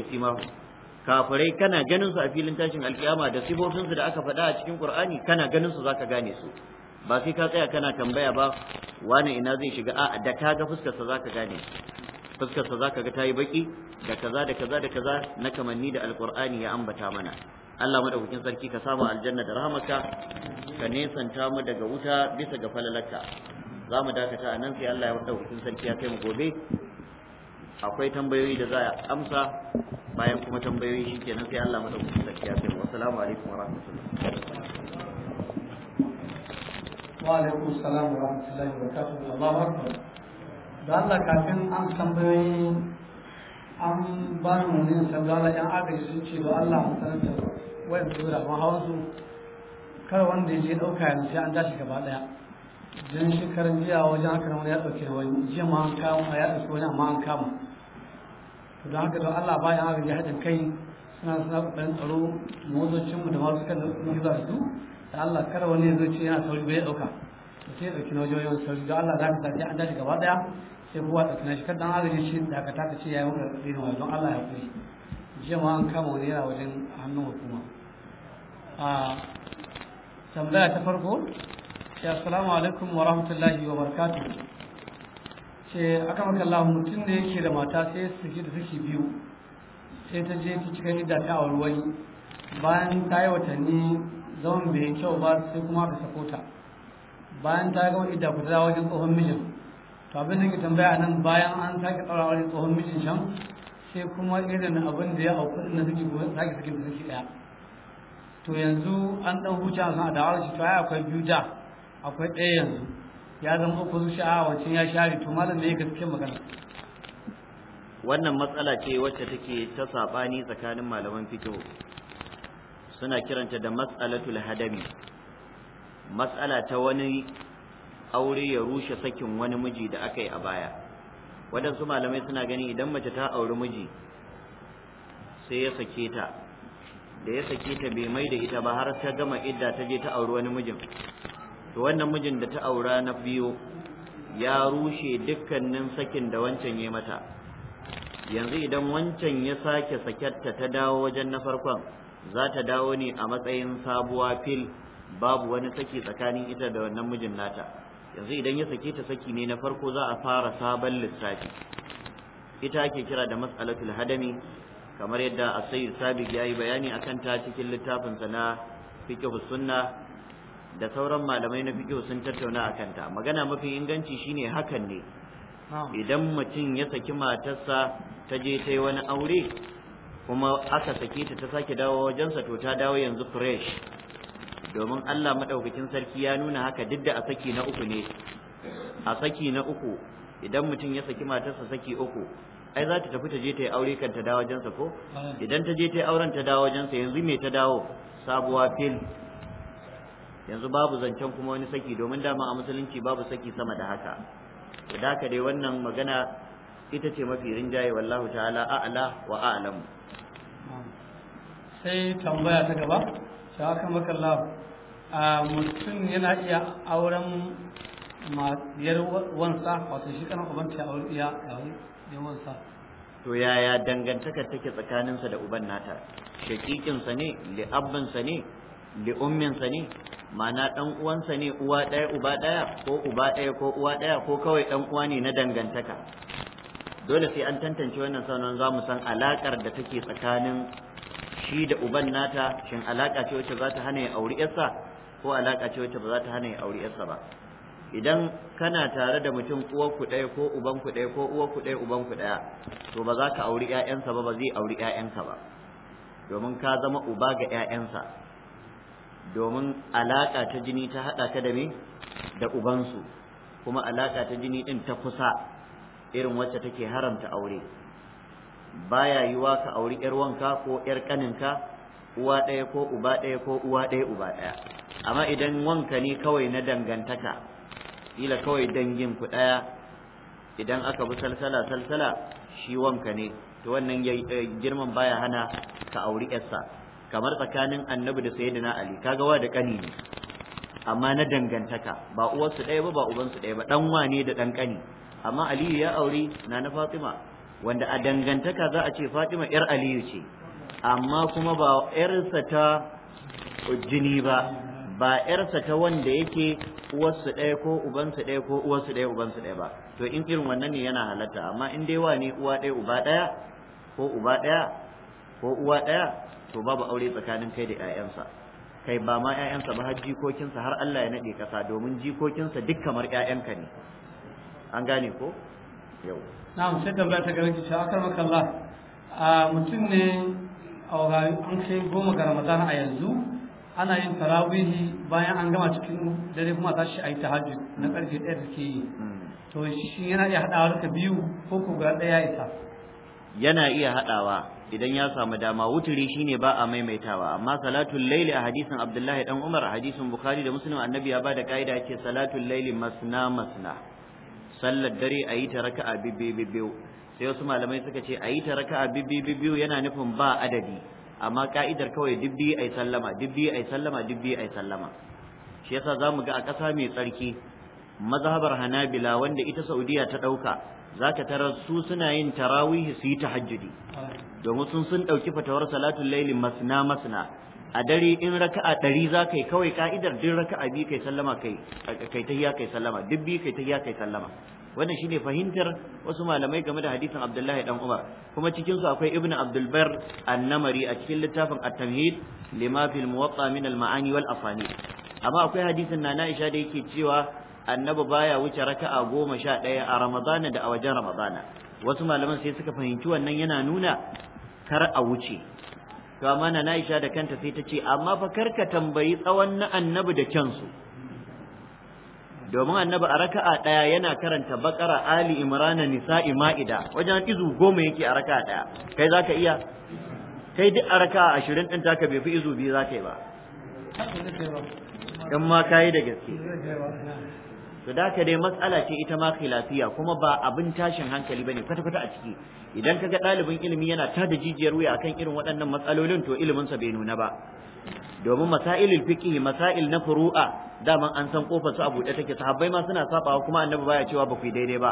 kafirai kana ganin su a filin tashin alkiyama da sifofin su da aka faɗa a cikin Qur'ani kana ganin su zaka gane su ba sai ka tsaya kana tambaya ba wani ina zai shiga a da ka ga fuskar sa zaka gane fuskar sa zaka ga tayi baki da kaza da kaza da kaza na kamanni da alkur'ani ya ambata mana Allah madaukakin sarki ka samu aljanna da rahmaka ka nesanta mu daga wuta bisa ga falalarka za mu dakata a nan sai Allah ya madaukakin sarki ya kai mu gobe akwai tambayoyi da za a amsa bayan kuma tambayoyi shikenan sai Allah madaukakin sarki ya kai mu assalamu alaikum wa rahmatullahi wa alaikum assalam wa rahmatullahi wa barakatuh Allahu akbar da Allah kafin an tambayoyi an ba ni wani yin sallala yan agaji sun ce ba Allah mu sanarta wa wayan su da hawa su kar wanda ya je dauka yanzu sai an tashi gaba daya jin shekaran jiya wajen haka wani ya dauke wani jiya ma an kama ya dauke wani amma an kama to don haka don Allah ba yan agaji haɗin kai suna suna kokarin tsaro motocin mu da masu kan da yi zuwa su da Allah kar wani ya zo ce yana sauri bai dauka sai da dauki na wajen wani sauri don Allah za ka sa an tashi gaba daya sai kowa da tunashi kan dan azumi shi da aka taka ce yayin wurin dinin Allah ya kuri jama'a an kama wani yana wajen hannun hukuma a tambaya ta farko ya assalamu alaikum wa rahmatullahi wa barakatuh ce aka maka Allah mutum ne yake da mata sai su ji da suke biyu sai ta je ta cika da ta auri wani bayan ta yi watanni zaman bai kyau ba sai kuma aka sako bayan ta wani da ku ta wajen tsohon mijin to abin da ke tambaya nan bayan an sake ɗaura wani tsohon mijin can sai kuma irin abin da ya auku na suke kuma sake suke da suke ɗaya to yanzu an ɗan huce a kan adawar shi to ai akwai biyu da akwai ɗaya yanzu ya zama uku su sha'a wancan ya share to malam ne ya gaske magana wannan matsala ce wacce take ta saɓani tsakanin malaman fito suna kiranta da matsalatul hadami matsala ta wani aure ya rushe sakin wani miji da aka yi a baya waɗansu malamai suna gani idan mace ta auri miji sai ya sake ta da ya sake ta bai mai da ita ba har ta gama idda ta je ta auri wani mijin to wannan mijin da ta aura na biyu ya rushe dukkanin sakin da wancan ya mata yanzu idan wancan ya sake saketta ta dawo wajen na farkon za ta dawo ne a matsayin sabuwa fil babu wani saki tsakanin ita da wannan mijin nata yanzu idan ya sake ta saki ne na farko za a fara sabon lissafi ita ake kira da mas'alatul hadami kamar yadda as-sayyid sabiq yi bayani akan ta cikin littafin sa na fiqh sunna da sauran malamai na fiqh sun tattauna akan ta magana mafi inganci shine hakan ne idan mutum ya saki matarsa ta je ta yi wani aure kuma aka sake ta ta sake dawo wajensa to ta dawo yanzu fresh domin Allah madaukakin sarki ya nuna haka duk da a saki na uku ne a saki na uku idan mutum ya saki matarsa saki uku ai za ta tafi ta je ta yi aure kan ta dawo wajensa ko idan ta je ta yi auren ta dawo wajensa yanzu me ta dawo sabuwa fil yanzu babu zancen kuma wani saki domin dama a musulunci babu saki sama da haka da haka dai wannan magana ita ce mafi rinjaye wallahu ta'ala a'la wa a'lamu sai tambaya ta gaba ta haka a mutum yana iya auren yar wansa wato shi kana ubanta ya aure ya wansa to yaya dangantaka take tsakaninsa da uban nata shakikinsa ne li'abbinsa ne li'umminsa ne ma'ana ɗan uwansa ne uwa ɗaya uba ɗaya ko uba ɗaya ko uwa ɗaya ko kawai ɗan uwa ne na dangantaka dole sai an tantance wannan sanan za mu san alaƙar da take tsakanin shi da uban nata shin alaƙa ce wacce za ta hana ya auri yarsa ko alaka ce wacce ba za ta hana ya aure yarsa ba idan kana tare da mutum uwar ku ɗaya ko uban ku ɗaya ko uwar ku ɗaya uban ku ɗaya to ba za ka aure ƴaƴansa ba ba zai aure ƴaƴanka ba domin ka zama uba ga ƴaƴansa domin alaka ta jini ta haɗa ka da me da ubansu kuma alaka ta jini ɗin ta kusa irin wacce take haramta aure baya yiwa ka auri ƴar wanka ko ƴar ƙaninka uwa ɗaya ko uba ɗaya ko uwa ɗaya uba ɗaya amma idan wanka ne kawai na dangantaka ila kawai dangin ku daya idan aka bi salsala salsala shi wanka ne to wannan eh, girman baya hana ka auri yarsa kamar tsakanin annabi da sayyidina ali kaga wa da kani ne amma na dangantaka ba uwarsu ɗaya ba ba ubansu ɗaya ba dan wane da dan kani amma aliyu ya auri na na fatima wanda a dangantaka za a ce fatima yar aliyu ce amma kuma ba yarsa ta jini ba ba ‘yarsa ta wanda yake uwarsu ɗaya ko ubansu ɗaya ko uwarsu ɗaya ubansu ɗaya ba to in irin wannan ne yana halatta amma in dai wa ne uwa ɗaya uba ɗaya ko uba ɗaya ko uwa ɗaya to babu aure tsakanin kai da ‘ya'yansa kai ba ma ‘ya'yansa ba har jikokinsa har Allah ya naɗe ƙasa domin jikokinsa duk kamar ‘ya'yanka ne an gane ko yau na'am sai tambaya ta garin kici akar maka Allah ah, mutum ne a an kai goma ga Ramadana a yanzu ana yin tarawihi bayan an gama cikin dare kuma shi a yi tahajjud na karfe ɗaya take yi to shi yana iya haɗawa duka biyu ko ko ga ɗaya isa yana iya haɗawa idan ya samu dama wuturi shine ba a maimaitawa amma salatul laili a hadisin abdullahi dan umar a hadisin bukhari da muslim annabi ya bada kaida yace salatul laili masna masna sallar dare ayi ta raka'a bibbi bibbi sai wasu malamai suka ce ayi ta raka'a bibbi bibbi yana nufin ba adadi amma ka'idar kawai dubbi ai sallama dubbi ai sallama dubbi ai sallama shi yasa zamu ga a ƙasa mai tsarki mazhabar Hanabila wanda ita Saudiya ta dauka zaka tarar su suna yin tarawih su yi tahajjudi domin sun sun dauki fatawar salatul layli masna masna a dare in raka'a ɗari za kai kawai ka'idar din raka'a bi kai sallama kai kai tahiyya kai sallama dubbi kai tahiyya kai sallama wannan shine fahimtar wasu malamai game da hadisin Abdullahi dan Umar kuma cikin su akwai Ibn Abdul Barr An-Namari a cikin littafin At-Tamhid lima fil Muwatta min al-Ma'ani wal Afani amma akwai hadisin na Aisha da yake cewa annabi baya wuce raka'a goma sha ɗaya a Ramadana da a wajen Ramadana wasu malaman sai suka fahimci wannan yana nuna kar a wuce to amma na Aisha da kanta sai ta ce amma fa karka tambayi tsawon na annabi da kyansu domin annabi a raka'a daya yana karanta bakara ali imrana nisa'i ma'ida wajen izu goma yake a raka'a daya kai zaka iya kai duk a raka'a 20 din taka bai fi izu biyu zaka yi ba in ma yi da gaske to da ka dai matsala ce ita ma khilafiya kuma ba abin tashin hankali bane kwata kwata a ciki idan kaga ɗalibin ilimi yana ta da jijiyar wuya akan irin waɗannan matsalolin to iliminsa bai nuna ba domin masailul fiqh masail na furu'a daman an san kofar su a buɗe take sahabbai ma suna sabawa kuma annabi baya cewa ba ku daidai ba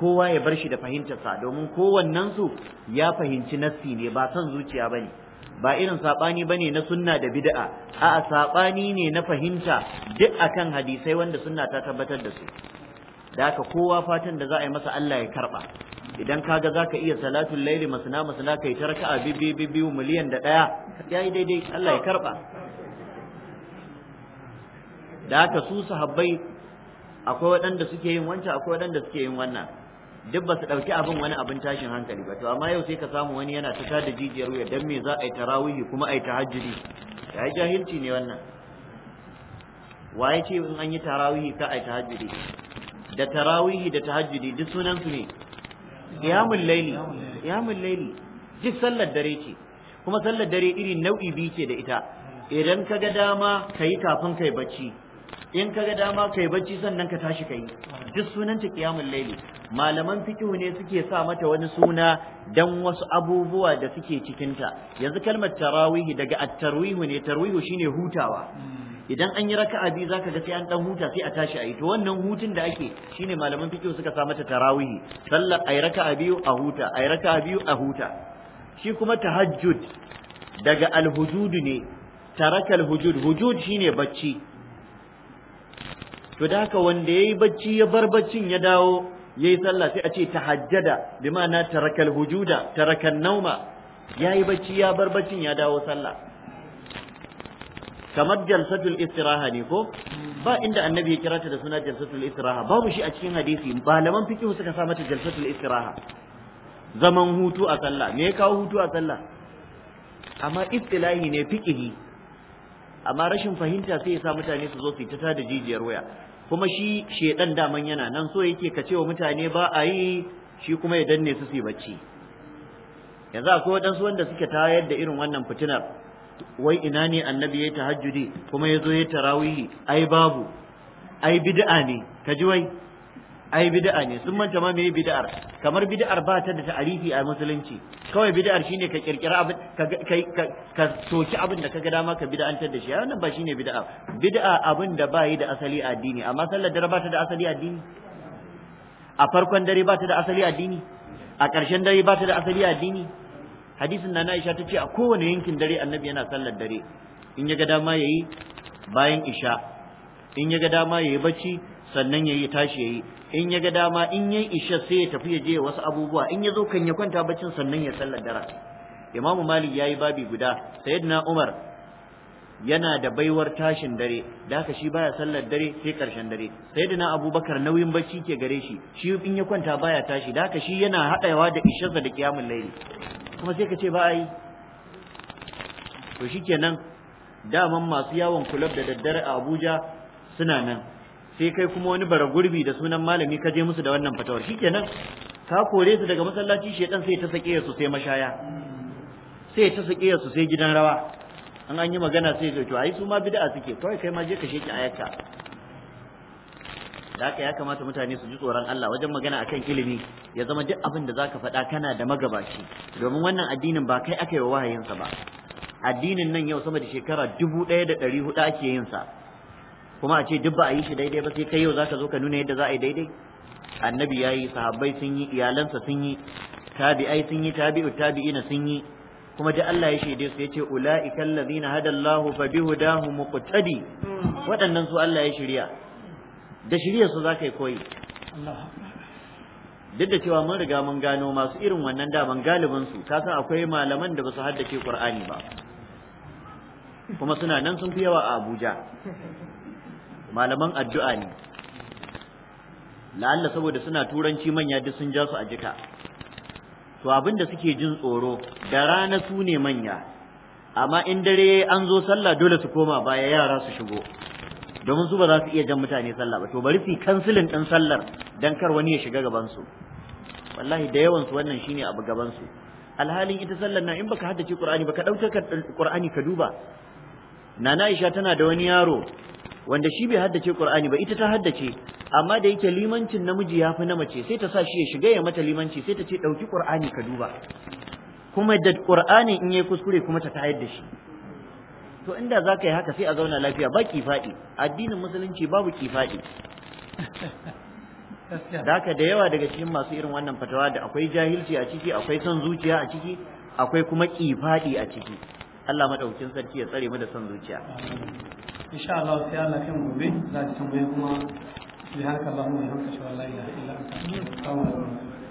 kowa ya bar shi da fahimtar sa domin kowannen su ya fahimci nassi ne ba san zuciya bane ba irin sabani bane na sunna da bid'a a'a sabani ne na fahimta duk akan hadisai wanda sunna ta tabbatar da su da haka kowa fatan da za a yi masa Allah ya karba idan kaga zaka iya salatul laili masna masna kai ta raka'a bi biyu miliyan da daya yayi daidai Allah ya karba da ka su sahabbai akwai waɗanda suke yin wancan akwai waɗanda suke yin wannan duk ba su ɗauki abin wani abin tashin hankali ba to amma yau sai ka samu wani yana ta tada jijiyar wuya dan me za a yi tarawihi kuma a yi tahajjudi ya jahilci ne wannan waye ce in an yi tarawihi ka a yi tahajjudi da tarawihi da tahajjudi duk sunan su ne qiyamul layli qiyamul layli duk sallar dare ce kuma sallar dare iri nau'i biyu ce da ita idan ka dama kai kafin kai bacci in kaga dama kai bacci sannan ka tashi kai duk sunanta qiyamul Laili malaman fiqh ne suke sa mata wani suna dan wasu abubuwa da suke cikin ta yanzu kalmar tarawihi daga at-tarwihu ne tarwihu shine hutawa idan an yi raka'a biyu zaka ga sai an dan huta sai a tashi ayi to wannan hutun da ake shine malaman fiqh suka sa mata tarawih sallar ayi raka'a biyu a huta ayi raka'a biyu a huta shi kuma tahajjud daga alhujud ne taraka alhujud hujud shine bacci to da haka wanda yayi bacci ya bar baccin ya dawo yayi sallah sai a ce tahajjada bi ma'ana taraka alhujuda taraka nauma yayi bacci ya bar baccin ya dawo sallah kamar jalsatul istiraha ne ko ba inda annabi ya kira ta da suna jalsatul istiraha babu shi a cikin hadisi malaman fiqh suka sa mata jalsatul istiraha zaman hutu a sallah me ya kawo hutu a sallah amma istilahi ne fiqhi amma rashin fahimta sai ya sa mutane su zo su ta da jijiyar waya kuma shi shedan daman yana nan so yake ka cewa mutane ba a yi shi kuma ya danne su su bacci yanzu akwai waɗansu wanda suke tayar da irin wannan fitinar wai ina ne annabi yayi tahajjudi kuma yazo yayi tarawihi ai babu ai bid'a ne kaji wai ai bid'a ne sun manta ma meye bid'ar kamar bid'ar ba ta da ta'arifi a musulunci kawai bid'ar shine ka kirkira abin ka ka soki abin da kaga dama ka bid'antar da shi wannan ba shine bid'a bid'a abin da ba yi da asali addini amma sallar dare ba ta da asali addini a farkon dare ba ta da asali addini a ƙarshen dare ba ta da asali addini hadisin na Aisha tace a kowane yankin dare annabi yana sallar dare in ya ga dama yayi bayan isha in ya ga dama yayi bacci sannan yayi tashi yayi in ya ga dama in yayi isha sai ya tafi ya je wasu abubuwa in ya zo kan ya kwanta baccin sannan ya sallar dare Imam Malik yayi babi guda Sayyidina Umar yana da baiwar tashin dare da haka shi baya sallar dare sai karshen dare sayyidina abubakar nauyin bacci ke gare shi shi in ya kwanta baya tashi da haka shi yana haɗawa da isharsa da kiyamul laili kuma sai ka ce ba a yi to nan, daman masu yawon kulab da daddare a Abuja suna nan sai kai kuma wani bara gurbi da sunan malami ka je musu da wannan fatawar nan, ka kore su daga masallaci shedan sai ta sake su sai mashaya sai ta sake su sai gidan rawa an an yi magana sai ya to ai su ma bid'a suke kawai kai ma je ka sheki ayaka da haka ya kamata mutane su ji tsoron Allah wajen magana akan ilimi ya zama duk abin da zaka faɗa kana da magabaci domin wannan addinin ba kai aka yi wa wahayinsa ba addinin nan yau sama da shekara dubu ɗaya da ɗari hudu ake yin sa kuma a ce duk ba a yi shi daidai ba sai kai yau zaka zo ka nuna yadda za a yi daidai annabi ya yi sahabbai sun yi iyalansa sun yi tabi'ai sun yi tabi'u tabi'ina sun yi kuma da Allah ya shaide su yace ula'ikal ladina hadallahu fa bihudahu muqtadi waɗannan su Allah ya shirya da shiryarsu za ka yi koyi duk da cewa mun riga mun gano masu irin wannan daman galibinsu ka san akwai malaman da ba su haddace kur'ani ba kuma suna nan sun fi yawa a abuja malaman addu'a ne la'alla saboda suna turanci manya duk sun ja su a jika to abin da suke jin tsoro da rana su ne manya amma in dare an zo sallah dole su koma baya yara su shigo domin su ba za su iya jan mutane sallah ba to bari su kansilin ɗin sallar dan kar wani ya shiga gaban su wallahi da yawan su wannan shine abu gaban su alhalin ita sallar na in baka haddace Qur'ani baka dauke Qur'ani ka duba Nana Aisha tana da wani yaro wanda shi bai haddace Qur'ani ba ita ta haddace amma da yake limancin namiji ya fi na mace sai ta sa shi ya shiga ya mata limanci sai ta ce dauki Qur'ani ka duba kuma da Qur'ani in yayi kuskure kuma ta tayar da shi to inda za ka yi haka sai a zauna lafiya ba kifaɗi addinin musulunci babu kifaɗi da haka da yawa daga cikin masu irin wannan fatawa da akwai jahilci a ciki akwai son zuciya a ciki akwai kuma kifaɗi a ciki Allah madaukakin sarki ya tsare mu da son zuciya insha Allah sai Allah kan gobe za ta tambaye kuma subhanakallahumma wa bihamdika ashhadu wallahi la ilaha illa anta astaghfiruka wa atubu ilaik